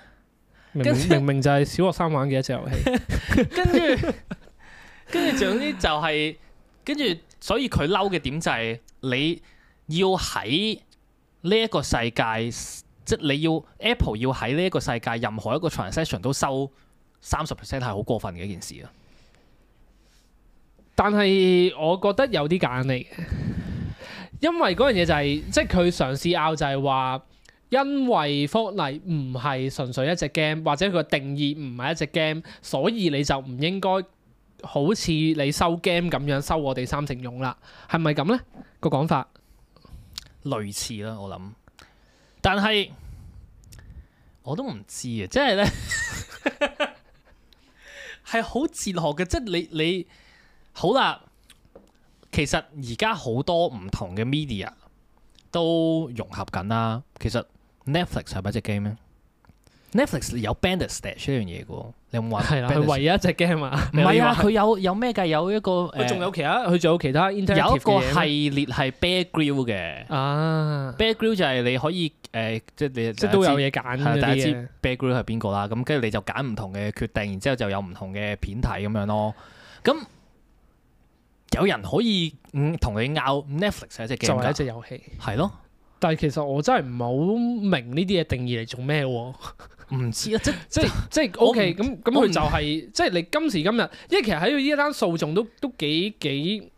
明明就係小學生玩嘅一隻遊戲，跟住跟住總之就係、是、跟住，所以佢嬲嘅點就係你要喺呢一個世界，即係你要 Apple 要喺呢一個世界，任何一個 transaction 都收。三十 percent 係好過分嘅一件事咯，但係我覺得有啲夾硬嚟，因為嗰樣嘢就係即係佢嘗試拗就係話，因為福利唔係純粹一隻 game 或者佢嘅定義唔係一隻 game，所以你就唔應該好似你收 game 咁樣收我哋三成佣啦，係咪咁呢？個講法類似啦，我諗，但係我都唔知啊，即係呢。係好哲學嘅，即係你，你好啦。其實而家好多唔同嘅 media 都融合緊啦。其實 Netflix 係咪一隻 game 咧？Netflix 有 Bandersnatch 呢樣嘢嘅，你有冇玩？係啦，唯一一隻 game 啊，唔係啊，佢有有咩㗎？有一個仲、呃、有其他，佢仲有其他 Interactive 有一個系列係 Be、啊、Bear Grylls 嘅啊，Bear Grylls 就係你可以誒、呃，即係你即係都有嘢揀嗰啲。Bear Grylls 係邊個啦？咁跟住你就揀唔同嘅決定，然之後就有唔同嘅片睇咁樣咯。咁有人可以同、嗯、你拗 Netflix 一隻 game 㗎？就係一隻遊戲，係咯。但係其實我真係唔好明呢啲嘢定義嚟做咩？唔知啊，即即即 OK 咁咁佢就係即係你今時今日，因為其實喺呢一單訴訟都都幾幾，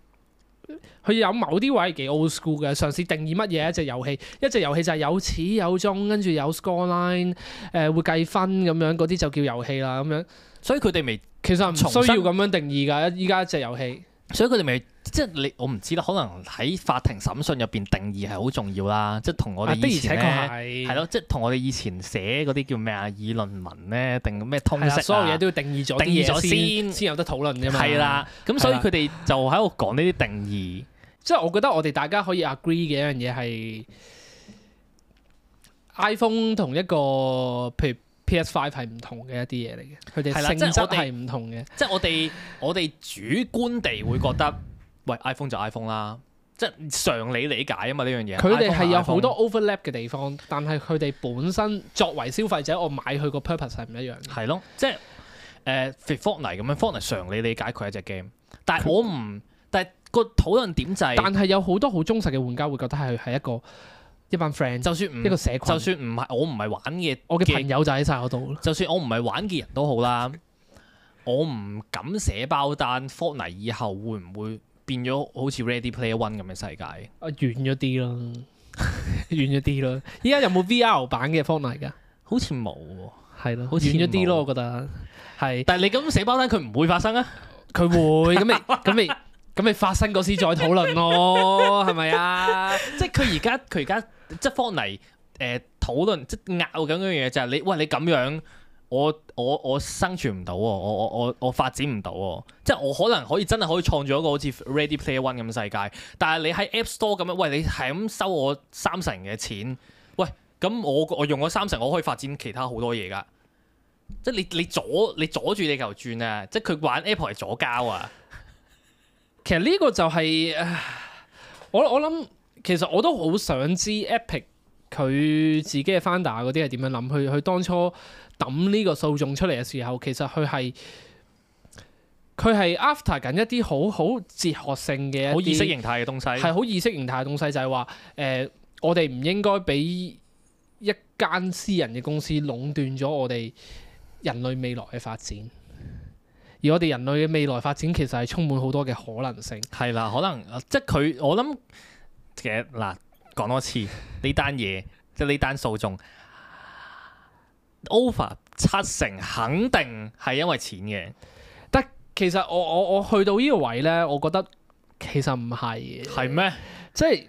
佢有某啲位係幾 old school 嘅，嘗試定義乜嘢一隻遊戲，一隻遊戲就係有始有終，跟住有 scoreline，誒、呃、會計分咁樣嗰啲就叫遊戲啦咁樣，所以佢哋未其實唔需要咁樣定義噶，依家一隻遊戲，所以佢哋未。即係你，我唔知啦。可能喺法庭審訊入邊，定義係好重要啦。即係同我哋以前咧，係咯，即係同我哋以前寫嗰啲叫咩啊？議論文咧，定咩通識，所有嘢都要定義咗啲嘢先，先有得討論噶嘛。係啦了，咁所以佢哋就喺度講呢啲定義。即係了我覺得我哋大家可以 agree 嘅一樣嘢係 iPhone 同一個，譬如 PS Five 係唔同嘅一啲嘢嚟嘅。佢哋係啦，即係係唔同嘅。即係我哋我哋主觀地會覺得。 [laughs] [laughs] IPhone i p h o n e 就 iPhone 啦，即係常理理解啊嘛呢樣嘢。佢哋係有好多 overlap 嘅地方，但係佢哋本身作為消費者，我買佢個 purpose 係唔一樣嘅。係咯，即係誒，Fortnite 咁樣 f o r t n i t 常理理解佢係一隻 game，但係我唔，但係他個討論點就係、是，但係有好多好忠實嘅玩家會覺得係係一個一班 friend，就算一個社群，就算唔係我唔係玩嘅，我嘅朋友就喺晒嗰度。就算我唔係玩嘅人都好啦， [laughs] 我唔敢寫包單。f o r t n i t 以後會唔會？變咗好似 Ready Player One 咁嘅世界，啊遠咗啲咯，遠咗啲咯。依家 [laughs] 有冇 VR 版嘅 Fortnite 㗎？好似冇，係咯，好似遠咗啲咯，我覺得係。但係你咁死包單，佢唔會發生啊？佢會咁咪咁咪咁咪發生嗰時再討論咯，係咪啊？即係佢而家佢而家即係 Fortnite 呃討論即拗緊嗰樣嘢就係你，喂，你咁樣。我我我生存唔到，我我我我發展唔到，即係我可能可以真係可以創造一個好似 Ready Player One 咁嘅世界，但係你喺 App Store 咁樣，喂，你係咁收我三成嘅錢，喂，咁我我用咗三成，我可以發展其他好多嘢噶，即係你你阻你阻住地球轉啊！即係佢玩 Apple 係阻膠啊！其實呢個就係、誒、我我諗，其實我都好想知 Epic 佢自己嘅 founder 嗰啲係點樣諗，佢佢當初。抌呢個訴訟出嚟嘅時候，其實佢係佢係 after 緊一啲好好哲學性嘅好意識形態嘅東西，係好意識形態嘅東西就係話，誒、呃，我哋唔應該俾一間私人嘅公司壟斷咗我哋人類未來嘅發展。而我哋人類嘅未來發展其實係充滿好多嘅可能性。係啦，可能即係佢，我諗其實嗱，講多次呢單嘢，即係呢單訴訟。over 七成肯定係因為錢嘅，但其實我我我去到呢個位呢，我覺得其實唔係，係咩嗎？即係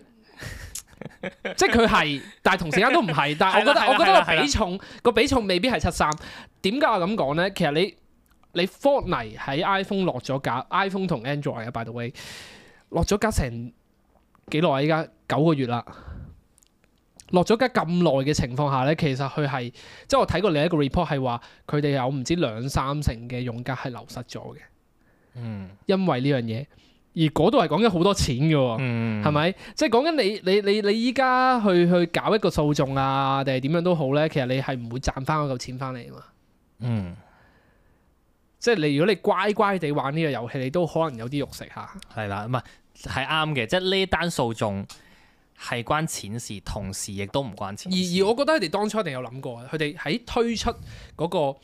[laughs] 即係佢係，但係同時間都唔係。但係我覺得 [laughs] 我覺得個比重個比重未必係七三。點解我咁講呢？其實你你 f a l t 泥喺 iPhone 落咗價，iPhone 同 Android 啊，by the way 落咗價成幾耐？依家九個月啦。落咗家咁耐嘅情況下呢，其實佢係即係我睇過另一個 report 係話，佢哋有唔知兩三成嘅用家係流失咗嘅。嗯，因為呢樣嘢，而嗰度係講緊好多錢嘅喎。係咪？嗯。即係講緊你你你你依家去去搞一個訴訟啊，定係點樣都好呢？其實你係唔會賺翻嗰嚿錢翻嚟啊嘛。嗯，即係你如果你乖乖哋玩呢個遊戲，你都可能有啲肉食下，係啦，唔係係啱嘅，即係呢單訴訟。係關錢事，同時亦都唔關錢事。而而我覺得佢哋當初一定有諗過，佢哋喺推出嗰個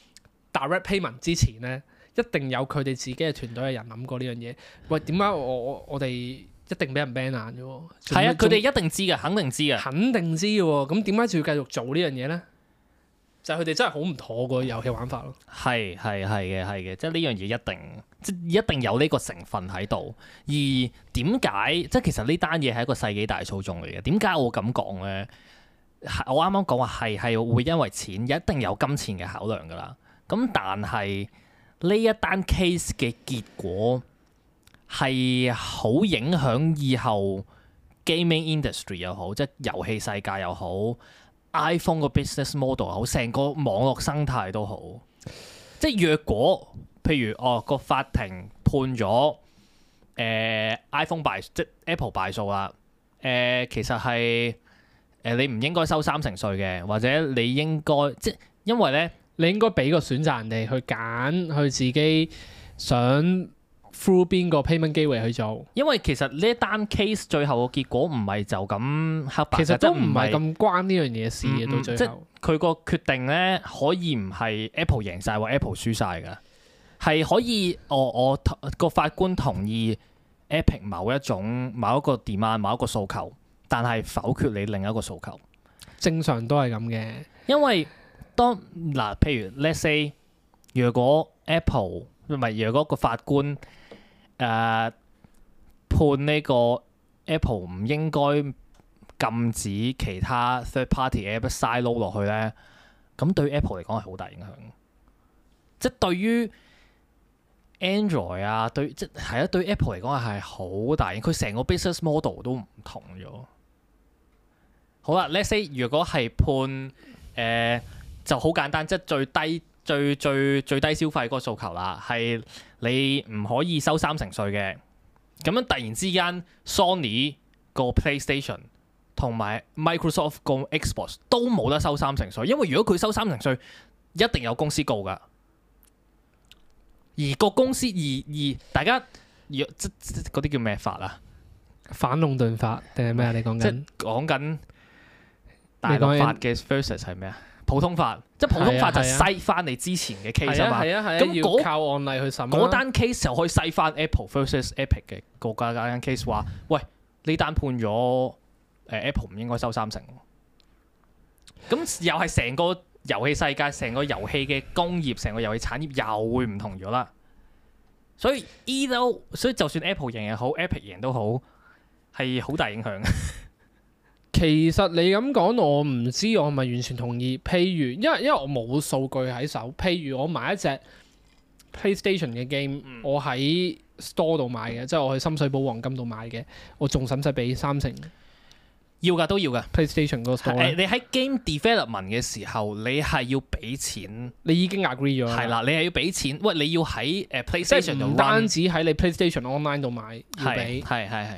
Direct Payment 之前呢，一定有佢哋自己嘅團隊嘅人諗過呢樣嘢。喂，點解我我哋一定俾人 ban 咗？係啊，佢哋還一定知嘅，肯定知嘅，肯定知嘅。咁點解仲要繼續做呢樣嘢呢？就係佢哋真係好唔妥嗰個遊戲玩法咯。係係係嘅係嘅，即係呢樣嘢一定即一定有呢個成分喺度。而點解即係其實呢單嘢係一個世紀大訴訟嚟嘅？點解我咁講咧？我啱啱講話係係會因為錢，一定有金錢嘅考量噶啦。咁但係呢一單 case 嘅結果係好影響以後 gaming industry 又好，即係遊戲世界又好。iPhone 個 business model 好，成個網絡生態都好。即係若果譬如哦個法庭判咗誒、呃、iPhone 敗，即 Apple 敗訴啦。誒，其實係誒、呃、你唔應該收三成稅嘅，或者你應該即因為咧，你應該俾個選擇人哋去揀，去自己想。through 邊個 payment 機位去做？因為其實呢一單 case 最後個結果唔係就咁黑白，其實都唔係咁關呢樣嘢事嘅。到、嗯嗯、最後，即係佢個決定咧，可以唔係 Apple 贏晒 App，或 Apple 輸晒㗎，係可以、哦、我我個法官同意 Epic 某一種某一個 demand 某一個訴求，但係否決你另一個訴求。正常都係咁嘅，因為當嗱，譬如 let's say 若果 Apple 唔係若果個法官。誒，uh, 判呢個 Apple 唔應該禁止其他 third party app side load 落去咧，咁對 Apple 嚟講係好大影響。即係對於 Android 啊，對即係啊，對 Apple 嚟講係好大影響，佢成個 business model 都唔同咗。好啦，Let's say 如果係判誒、呃、就好簡單，即係最低最最最，最低消費嗰個訴求啦，係。你唔可以收三成稅嘅，咁樣突然之間 Sony 個 PlayStation 同埋 Microsoft 個 Xbox 都冇得收三成稅，因為如果佢收三成稅，一定有公司告㗎。而個公司而而大家若即嗰啲叫咩法啊？反壟斷法定係咩啊？你講緊講緊大陸法嘅 First Set 係咩啊？普通法，即係普通法就篩翻你之前嘅 case 嘛。咁靠案例去審，嗰單 case 就可以篩翻 Apple versus Epic 嘅嗰間 case 話，喂，呢單判咗誒、呃、Apple 唔應該收三成。咁又係成個遊戲世界，成個遊戲嘅工業，成個遊戲產業又會唔同咗啦。所以 e 都，所以就算 Apple 贏也好，Epic 贏都好，係好大影響嘅。 [laughs] 其實你咁講，我唔知我係咪完全同意。譬如，因為因為我冇數據喺手。譬如我買一隻 PlayStation 嘅 game，我喺 store 度買嘅，嗯、即係我去深水埗黃金度買嘅，我仲使唔使俾三成？要㗎，都要㗎 PlayStation 嗰個。誒，你喺 game development 嘅時候，你係要俾錢，你已經 agree 咗。係啦，你係要俾錢。喂，你要喺誒 PlayStation 唔單止喺你 PlayStation Online 度買，的要俾係係係。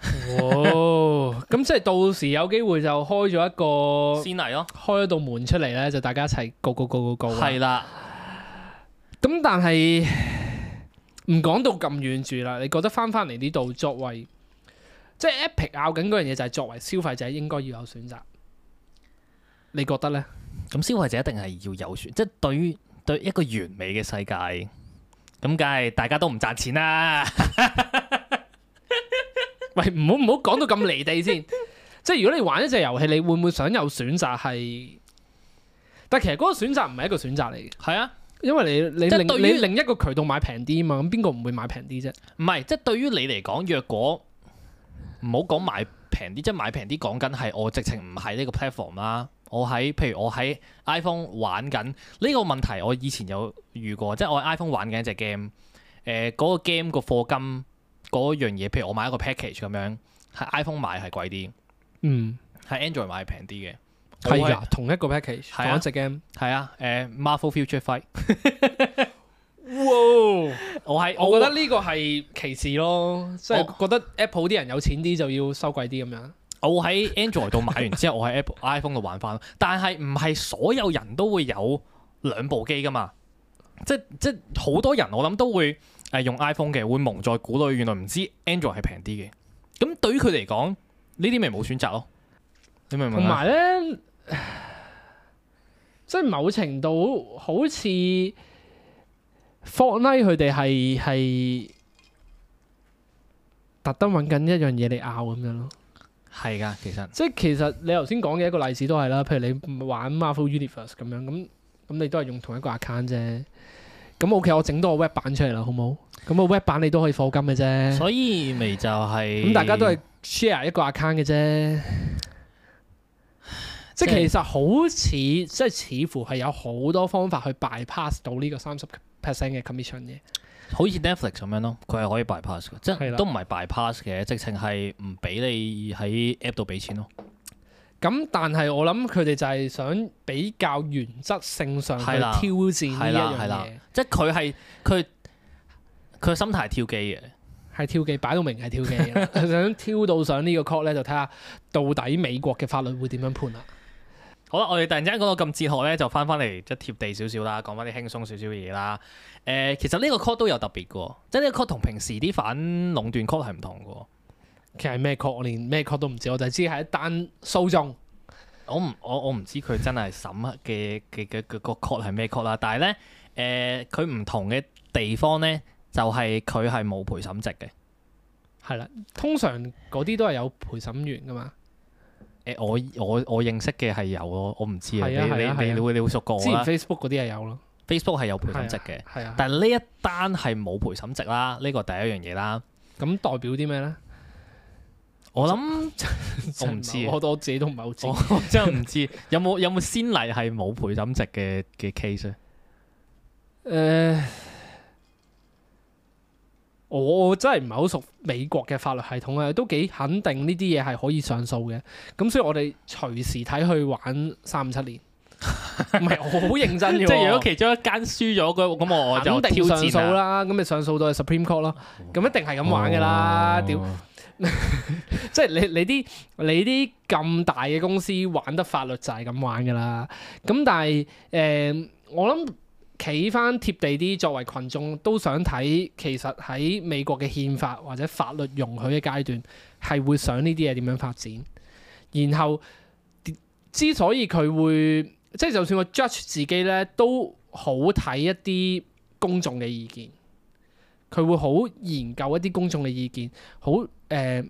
[laughs] 哦，咁即係到時有機會就開咗一個先嚟咯，開一道門出嚟咧，就大家一齊告的、告、告、告、告。係啦，咁但係唔講到咁遠住啦。你覺得翻翻嚟呢度作為，即係 Epic 拗緊嗰樣嘢就係作為消費者應該要有選擇。你覺得呢？咁 [laughs] 消費者一定係要有選，即係對於對於一個完美嘅世界，咁梗係大家都唔賺錢啦。 [laughs] 喂，唔好唔好講到咁離地先， [laughs] 即係如果你玩一隻遊戲，你會唔會想有選擇？係，但其實嗰個選擇唔係一個選擇嚟嘅。係啊，因為你你另你另一個渠道買平啲啊嘛，咁邊個唔會買平啲啫？唔係，即係對於你嚟講，若果唔好講買平啲，即係買平啲，講緊係我直情唔喺呢個 platform 啦。我喺，譬如我喺 iPhone 玩緊呢個問題，我以前有遇過，即係我喺 iPhone 玩緊一隻 game，誒，嗰個 game 個課金。嗰樣嘢，譬如我買一個 package 咁樣，喺 iPhone 買係貴啲，嗯，喺 Android 買係平啲嘅，係啊，同一個 package，的同一隻 game，係啊，誒、呃、Marvel Future Fight， [laughs] 哇，我係是我覺得呢個係歧視咯，即係我覺得 Apple 啲人有錢啲就要收貴啲咁樣。我喺 Android 度買完之後，我喺 Apple [laughs] iPhone 度玩翻，但係唔係所有人都會有兩部機噶嘛，即即好多人我諗都會。誒用 iPhone 嘅會蒙在鼓裏，原來唔知 Android 係平啲嘅。咁對於佢嚟講，呢啲咪冇選擇咯。你明唔明啊？同埋咧，即係某程度好似 Fortnite 佢哋係係特登揾緊一樣嘢嚟拗咁樣咯。係噶，其實即係其實你頭先講嘅一個例子都係啦，譬如你玩 Marvel Universe 咁樣，咁咁你都係用同一個 account 啫。咁 OK，我整多個 Web 版出嚟啦，好冇？咁個 Web 版你都可以課金嘅啫。所以咪就係、是、咁，大家都係 share 一個 account 嘅啫。即係即其實好似即係似乎係有好多方法去 bypass 到呢個三十 percent 嘅 commission 嘅。好似 Netflix 咁樣咯，佢係可以 bypass 嘅，即係都唔係 bypass 嘅，直情係唔俾你喺 app 度俾錢咯。咁但係我諗佢哋就係想比較原則性上去挑戰呢一的樣嘢，即係佢係佢佢心態係挑機嘅，係挑機擺到明係挑機， [laughs] [laughs] 想挑到上呢個 court 咧，就睇下到底美國嘅法律會點樣判啦。好啦，我哋突然之間講到咁哲學咧，就翻翻嚟即係貼地少少啦，講翻啲輕鬆少少嘅嘢啦。誒，其實呢個 court 都有特別嘅，即係呢個 court 同平時啲反壟斷 court 係唔同嘅。其實咩曲？我連咩曲都唔知，我就知係一單訴訟。我唔我我唔知佢真係審嘅嘅嘅個曲係咩曲啦。但係咧，誒，佢唔同嘅地方咧，就係佢係冇陪審席嘅。係啦，通常嗰啲都係有陪審員噶嘛。誒，我我我認識嘅係有，我我唔知啊。你你你會你會熟過啦。之前 Facebook 嗰啲係有咯。Facebook 係有陪審席嘅，係啊。啊啊但係呢一單係冇陪審席啦，呢個第一樣嘢啦。咁、嗯嗯、代表啲咩咧？我諗 [laughs] 我唔知，我我自己都唔係好知。我真係唔知有冇有冇先例係冇陪審席嘅嘅 case 咧？誒，我真係唔係好熟美國嘅法律系統啊，都幾肯定呢啲嘢係可以上訴嘅。咁所以我哋隨時睇去玩三五七年，唔係好認真。 [laughs] 即係如果其中一間輸咗，咁咁我就一定上訴啦。咁咪上訴到去 Supreme Court 咯。咁一定係咁玩噶啦，屌！ [laughs] 即係你你啲你啲咁大嘅公司玩得法律就係咁玩噶啦。咁但係誒、呃，我諗企翻貼地啲，作為群眾都想睇，其實喺美國嘅憲法或者法律容許嘅階段，係會想呢啲嘢點樣發展。然後之所以佢會即係，就係、就算我 judge 自己咧，都好睇一啲公眾嘅意見，佢會好研究一啲公眾嘅意見，好。誒、呃，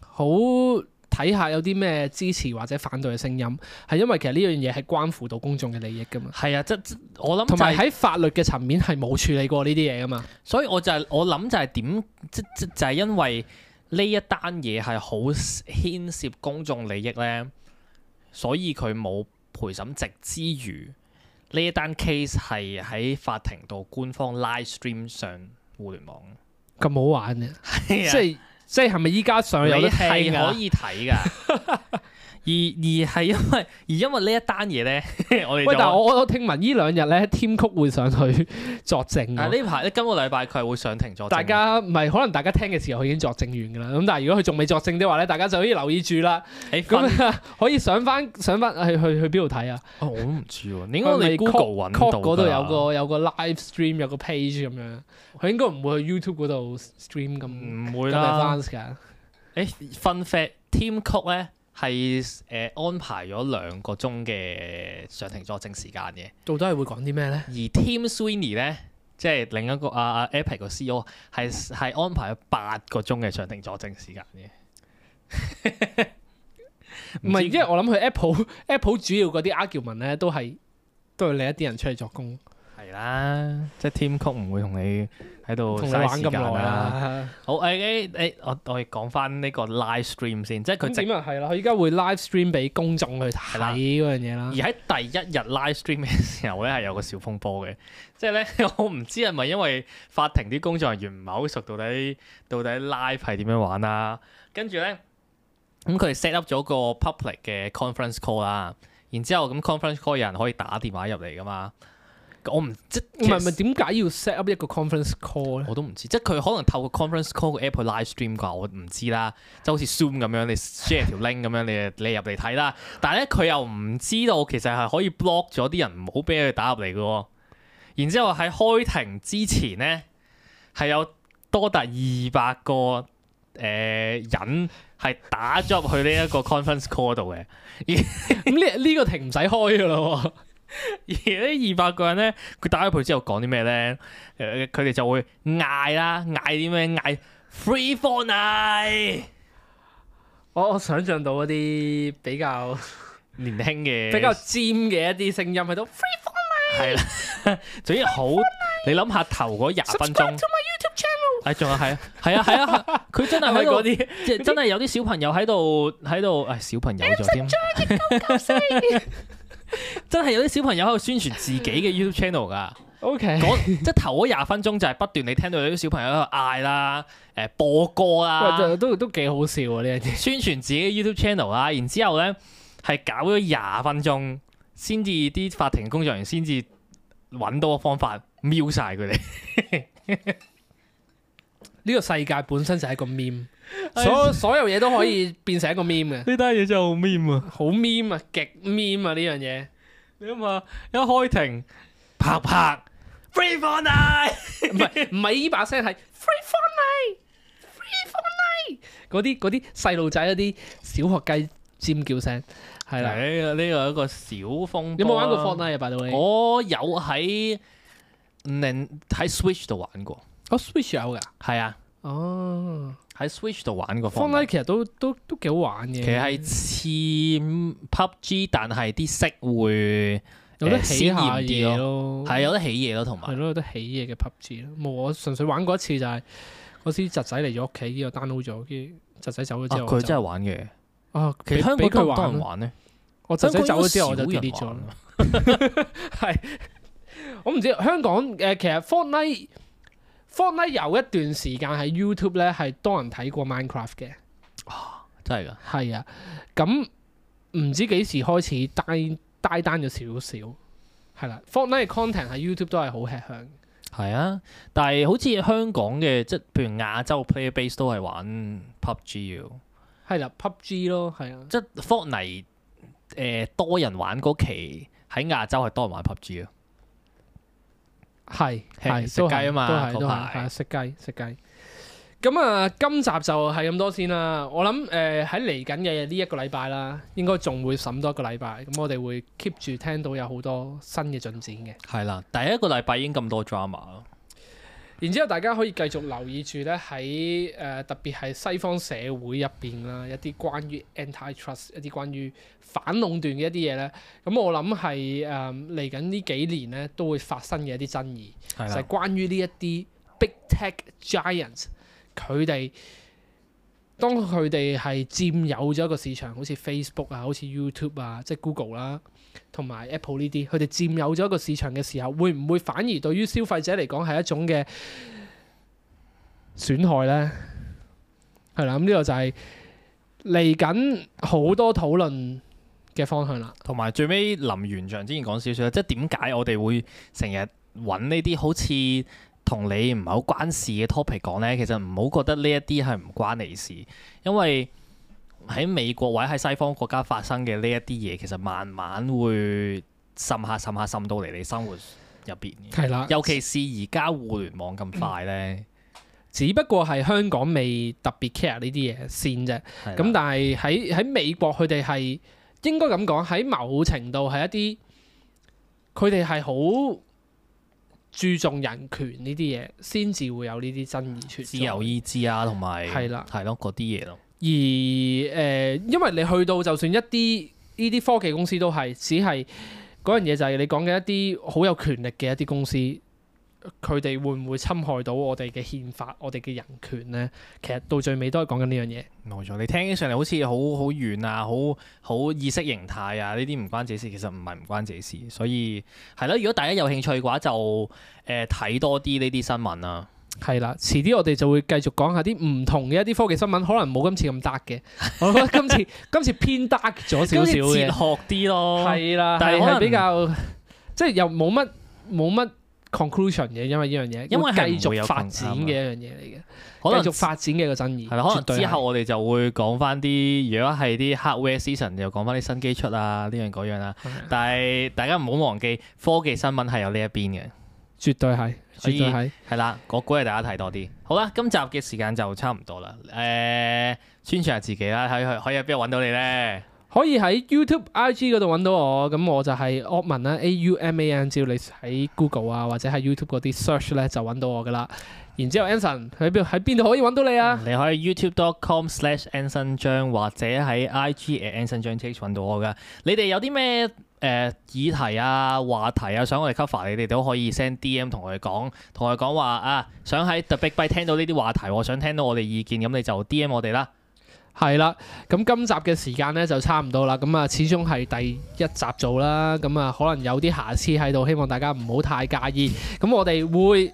好睇下有啲咩支持或者反對嘅聲音，係因為其實呢樣嘢係關乎到公眾嘅利益噶嘛。係啊，即即我諗同埋喺、是、法律嘅層面係冇處理過呢啲嘢噶嘛。所以我就係、是、我諗就係點，即即就係、是就是、因為呢一單嘢係好牽涉公眾利益咧，所以佢冇陪審席之餘，呢一單 case 係喺法庭度官方 live stream 上互聯網，咁好玩嘅，即係。即係係咪依家上有啲戲可以睇噶？ [laughs] 而而係因為而因為一呢一單嘢咧，我哋但我我聽聞呢兩日咧，Tim Cook 會上去作證啊，啊！呢排咧，今個禮拜佢係會上庭作證。大家唔係可能大家聽嘅時候佢已經作證完㗎啦。咁但係如果佢仲未作證的話咧，大家就可以留意住啦。咁、欸、可以上翻上翻去去去邊度睇啊？哦、我唔知喎，你應該我 Go Google 嗰度有個有個 live stream 有個 page 咁樣，佢應該唔會去 YouTube 嗰度 stream 咁。唔會啦。誒，fun fact，Tim Cook 咧。係誒、呃、安排咗兩個鐘嘅上庭作證時間嘅，到底係會講啲咩呢？而 Tim Sweeney 呢，即係另一個阿、啊啊、Apple 個 CEO，係，係安排咗八個鐘嘅上庭作證時間嘅。唔係，因為我諗佢 Apple [laughs] Apple 主要嗰啲 argument 呢，都係都係另一啲人出去作工。係啦，即係 Tim Cook 唔會同你，喺度、啊、玩咁耐啦！好，誒、哎、誒、哎，我我講翻呢個 live stream 先，即係佢整啊，係啦，佢依家會 live stream 俾公眾去睇嗰樣嘢啦。而喺第一日 live stream 嘅時候咧，係有個小風波嘅，即係咧，我唔知係咪因為法庭啲工作人員唔係好熟，到底到底 live 係點樣玩啦、啊？跟住咧，咁佢 set up 咗個 public 嘅 conference call 啦，然之後咁 conference call 有人可以打電話入嚟噶嘛？我唔即唔係唔係點解要 set up 一個 conference call 咧？我都唔知，即係佢可能透過 conference call 個 Apple Live Stream 啩，我唔知啦。即係好似 Zoom 咁樣，你 share 條 link 咁樣，你你入嚟睇啦。但係咧，佢又唔知道其實係可以 block 咗啲人唔好俾佢打入嚟嘅。然之後喺開庭之前咧，係有多達二百個誒、呃、人係打咗入去呢一個 conference call 度嘅。咁呢呢個庭唔使開噶咯。而呢二百個人咧，佢打開台之後講啲咩咧？誒，佢哋就會嗌啦，嗌啲咩，嗌 Free Fortnite 啊！我我想象到一啲比較年輕嘅，比較尖嘅一啲聲音喺度 Free Fortnite 啊！係啦，總之好，你諗下頭嗰廿分鐘，subscribe to my YouTube channel。係仲有係啊，係啊，係啊，佢真係喺度啲，真係有啲小朋友喺度喺度，誒，小朋友就啲。 [laughs] 真係有啲小朋友喺度宣傳自己嘅 YouTube channel 噶，OK， [laughs] 即係頭嗰廿分鐘就係不斷你聽到有啲小朋友喺度嗌啦，誒、呃、播歌啦，都都幾好笑啊，呢樣宣傳自己嘅 YouTube channel 啦，然之後咧係搞咗廿分鐘，先至啲法庭工作人員先至揾到個方法瞄晒佢哋。呢 [laughs] [laughs] 個世界本身就係個 meme。所所有嘢 [laughs] 都可以變成一個 meme 嘅，呢單嘢真係好 meme 啊，好 meme 啊，極 meme 啊，呢樣嘢。你諗下，一開庭，啪啪，free for night，唔係唔係呢把聲係 free for night，free for night，嗰啲嗰啲細路仔嗰啲小學雞尖叫聲，係啦呢個呢個一個小風。有冇玩過 Fortnite 百度呢？我有喺零喺 Switch 度玩過，我、oh, Switch 有噶？係啊，哦。Oh. 喺 Switch 度玩個方，Fortnite 其實都都都幾好玩嘅。其實係似 PUBG，但係啲色會有得起嘢咯。係、嗯、有得起嘢咯，同埋係咯有得起嘢嘅 PUBG 咯。冇，我純粹玩過一次就係、是、嗰時侄仔嚟咗屋企，我 download 咗，跟住侄仔走咗之後，佢真係玩嘅。啊，的的啊其實香港佢多人玩呢？我侄仔走咗之後，我就 delete 咗。係，我唔知香港誒，其實 Fortnite Fortnite 有一段時間喺 YouTube 咧係多人睇過 Minecraft 嘅，哇、啊！真係噶，係啊，咁唔知幾時開始低低單咗少少，係啦。Fortnite content 喺 YouTube 都係好吃香，係啊，但係好似香港嘅即係譬如亞洲 player base 都係玩 pubg 咯，係啦，pubg 咯，係啊、呃，即係 Fortnite 誒多人玩嗰期喺亞洲係多人玩 pubg 啊。係係識計啊嘛，都係都係識計識計。咁啊，今集就係咁多先啦。我諗誒喺嚟緊嘅呢一個禮拜啦，應該仲會審多一個禮拜。咁我哋會 keep 住聽到有好多新嘅進展嘅。係啦，第一個禮拜已經咁多 drama 咯。然之後大家可以繼續留意住咧，喺、呃、誒特別係西方社會入邊啦，一啲關於 anti-trust，一啲關於反壟斷嘅一啲嘢咧。咁、嗯、我諗係誒嚟緊呢幾年咧都會發生嘅一啲爭議，的就係關於呢一啲 big tech giants 佢哋當佢哋係佔有咗一個市場，好似 Facebook 啊，好似 YouTube 啊，即係 Google 啦。同埋 Apple 呢啲，佢哋佔有咗一個市場嘅時候，會唔會反而對於消費者嚟講係一種嘅損害呢？係啦，咁呢個就係嚟緊好多討論嘅方向啦。同埋最尾臨完場之前講少少啦，即係點解、就是、我哋會成日揾呢啲好似同你唔係好關事嘅 topic 講呢？其實唔好覺得呢一啲係唔關你事，因為。喺美國或者喺西方國家發生嘅呢一啲嘢，其實慢慢會滲下滲下滲到嚟你生活入邊。的尤其是而家互聯網咁快呢、嗯，只不過係香港未特別 care 呢啲嘢先啫。咁的但係喺喺美國，佢哋係應該咁講，喺某程度係一啲佢哋係好注重人權呢啲嘢，先至會有呢啲爭議出自由意志啊，同埋係啦，咯的，嗰啲嘢咯而誒、呃，因為你去到就算一啲呢啲科技公司都係只係嗰樣嘢，就係你講嘅一啲好有權力嘅一啲公司，佢哋會唔會侵害到我哋嘅憲法、我哋嘅人權咧？其實到最尾都係講緊呢樣嘢。冇錯，你聽起上嚟好似好好遠啊，好好意識形態啊，呢啲唔關自己事，其實唔係唔關自己事。所以係咯，如果大家有興趣嘅話就，就、呃、誒，睇多啲呢啲新聞啦、啊。係啦，遲啲我哋就會繼續講下啲唔同嘅一啲科技新聞，可能冇今次咁 dark 嘅。 [laughs] 我覺得次次 [laughs] 今次今次偏 dark 咗少少嘅，哲學啲咯。係啦了，但係比較即係又冇乜冇乜 conclusion 嘅，因為呢樣嘢因為繼續發展嘅一樣嘢嚟嘅，可繼吧續發展嘅一個爭議。係啦，可能對之後我哋就會講翻啲如果係啲 hardware season 又講翻啲新機出啊，呢樣嗰樣啦。Okay. 但係大家唔好忘記科技新聞係有呢一邊嘅，絕對係。所以係啦，我估係大家睇多啲。好啦，今集嘅時間就差唔多啦。誒，宣傳下自己啦，喺去可以喺邊度揾到你咧？可以喺 YouTube、IG 嗰度揾到我，咁我就係 Auman 啦，A U M A N。只要你喺 Google 啊，或者喺 YouTube 嗰啲 search 咧，就揾到我噶啦。然之後，Anson 喺邊喺邊度可以揾到你啊？你可以 youtube.com/Anson 張或者喺 IG @Anson 張 Cheak 揾到我噶。你哋有啲咩？誒、呃、議題啊、話題啊，想我哋 cover，你哋都可以 send DM 同佢哋講，同佢哋講話啊，想喺 The Big Byte 聽到呢啲話題，想聽到我哋意見，咁你就 DM 我哋啦。係啦，咁今集嘅時間呢就差唔多啦，咁啊始終係第一集做啦，咁啊可能有啲瑕疵喺度，希望大家唔好太介意。咁我哋會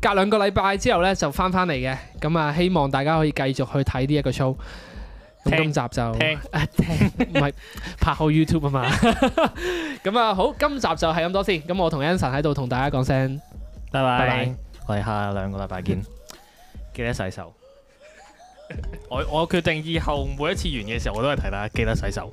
隔兩個禮拜之後呢就翻翻嚟嘅，咁啊希望大家可以繼續去睇呢一個 show。咁今集就聽，唔係拍好 YouTube 啊嘛。 [laughs] 咁 [laughs] 啊，好，今集就係咁多先。咁我同 Anson 喺度同大家講聲，拜拜 bye，bye bye 我哋下兩個禮拜見， [laughs] 記得洗手。 [laughs] 我我決定以後每一次完嘅時候，我都係提大家記得洗手。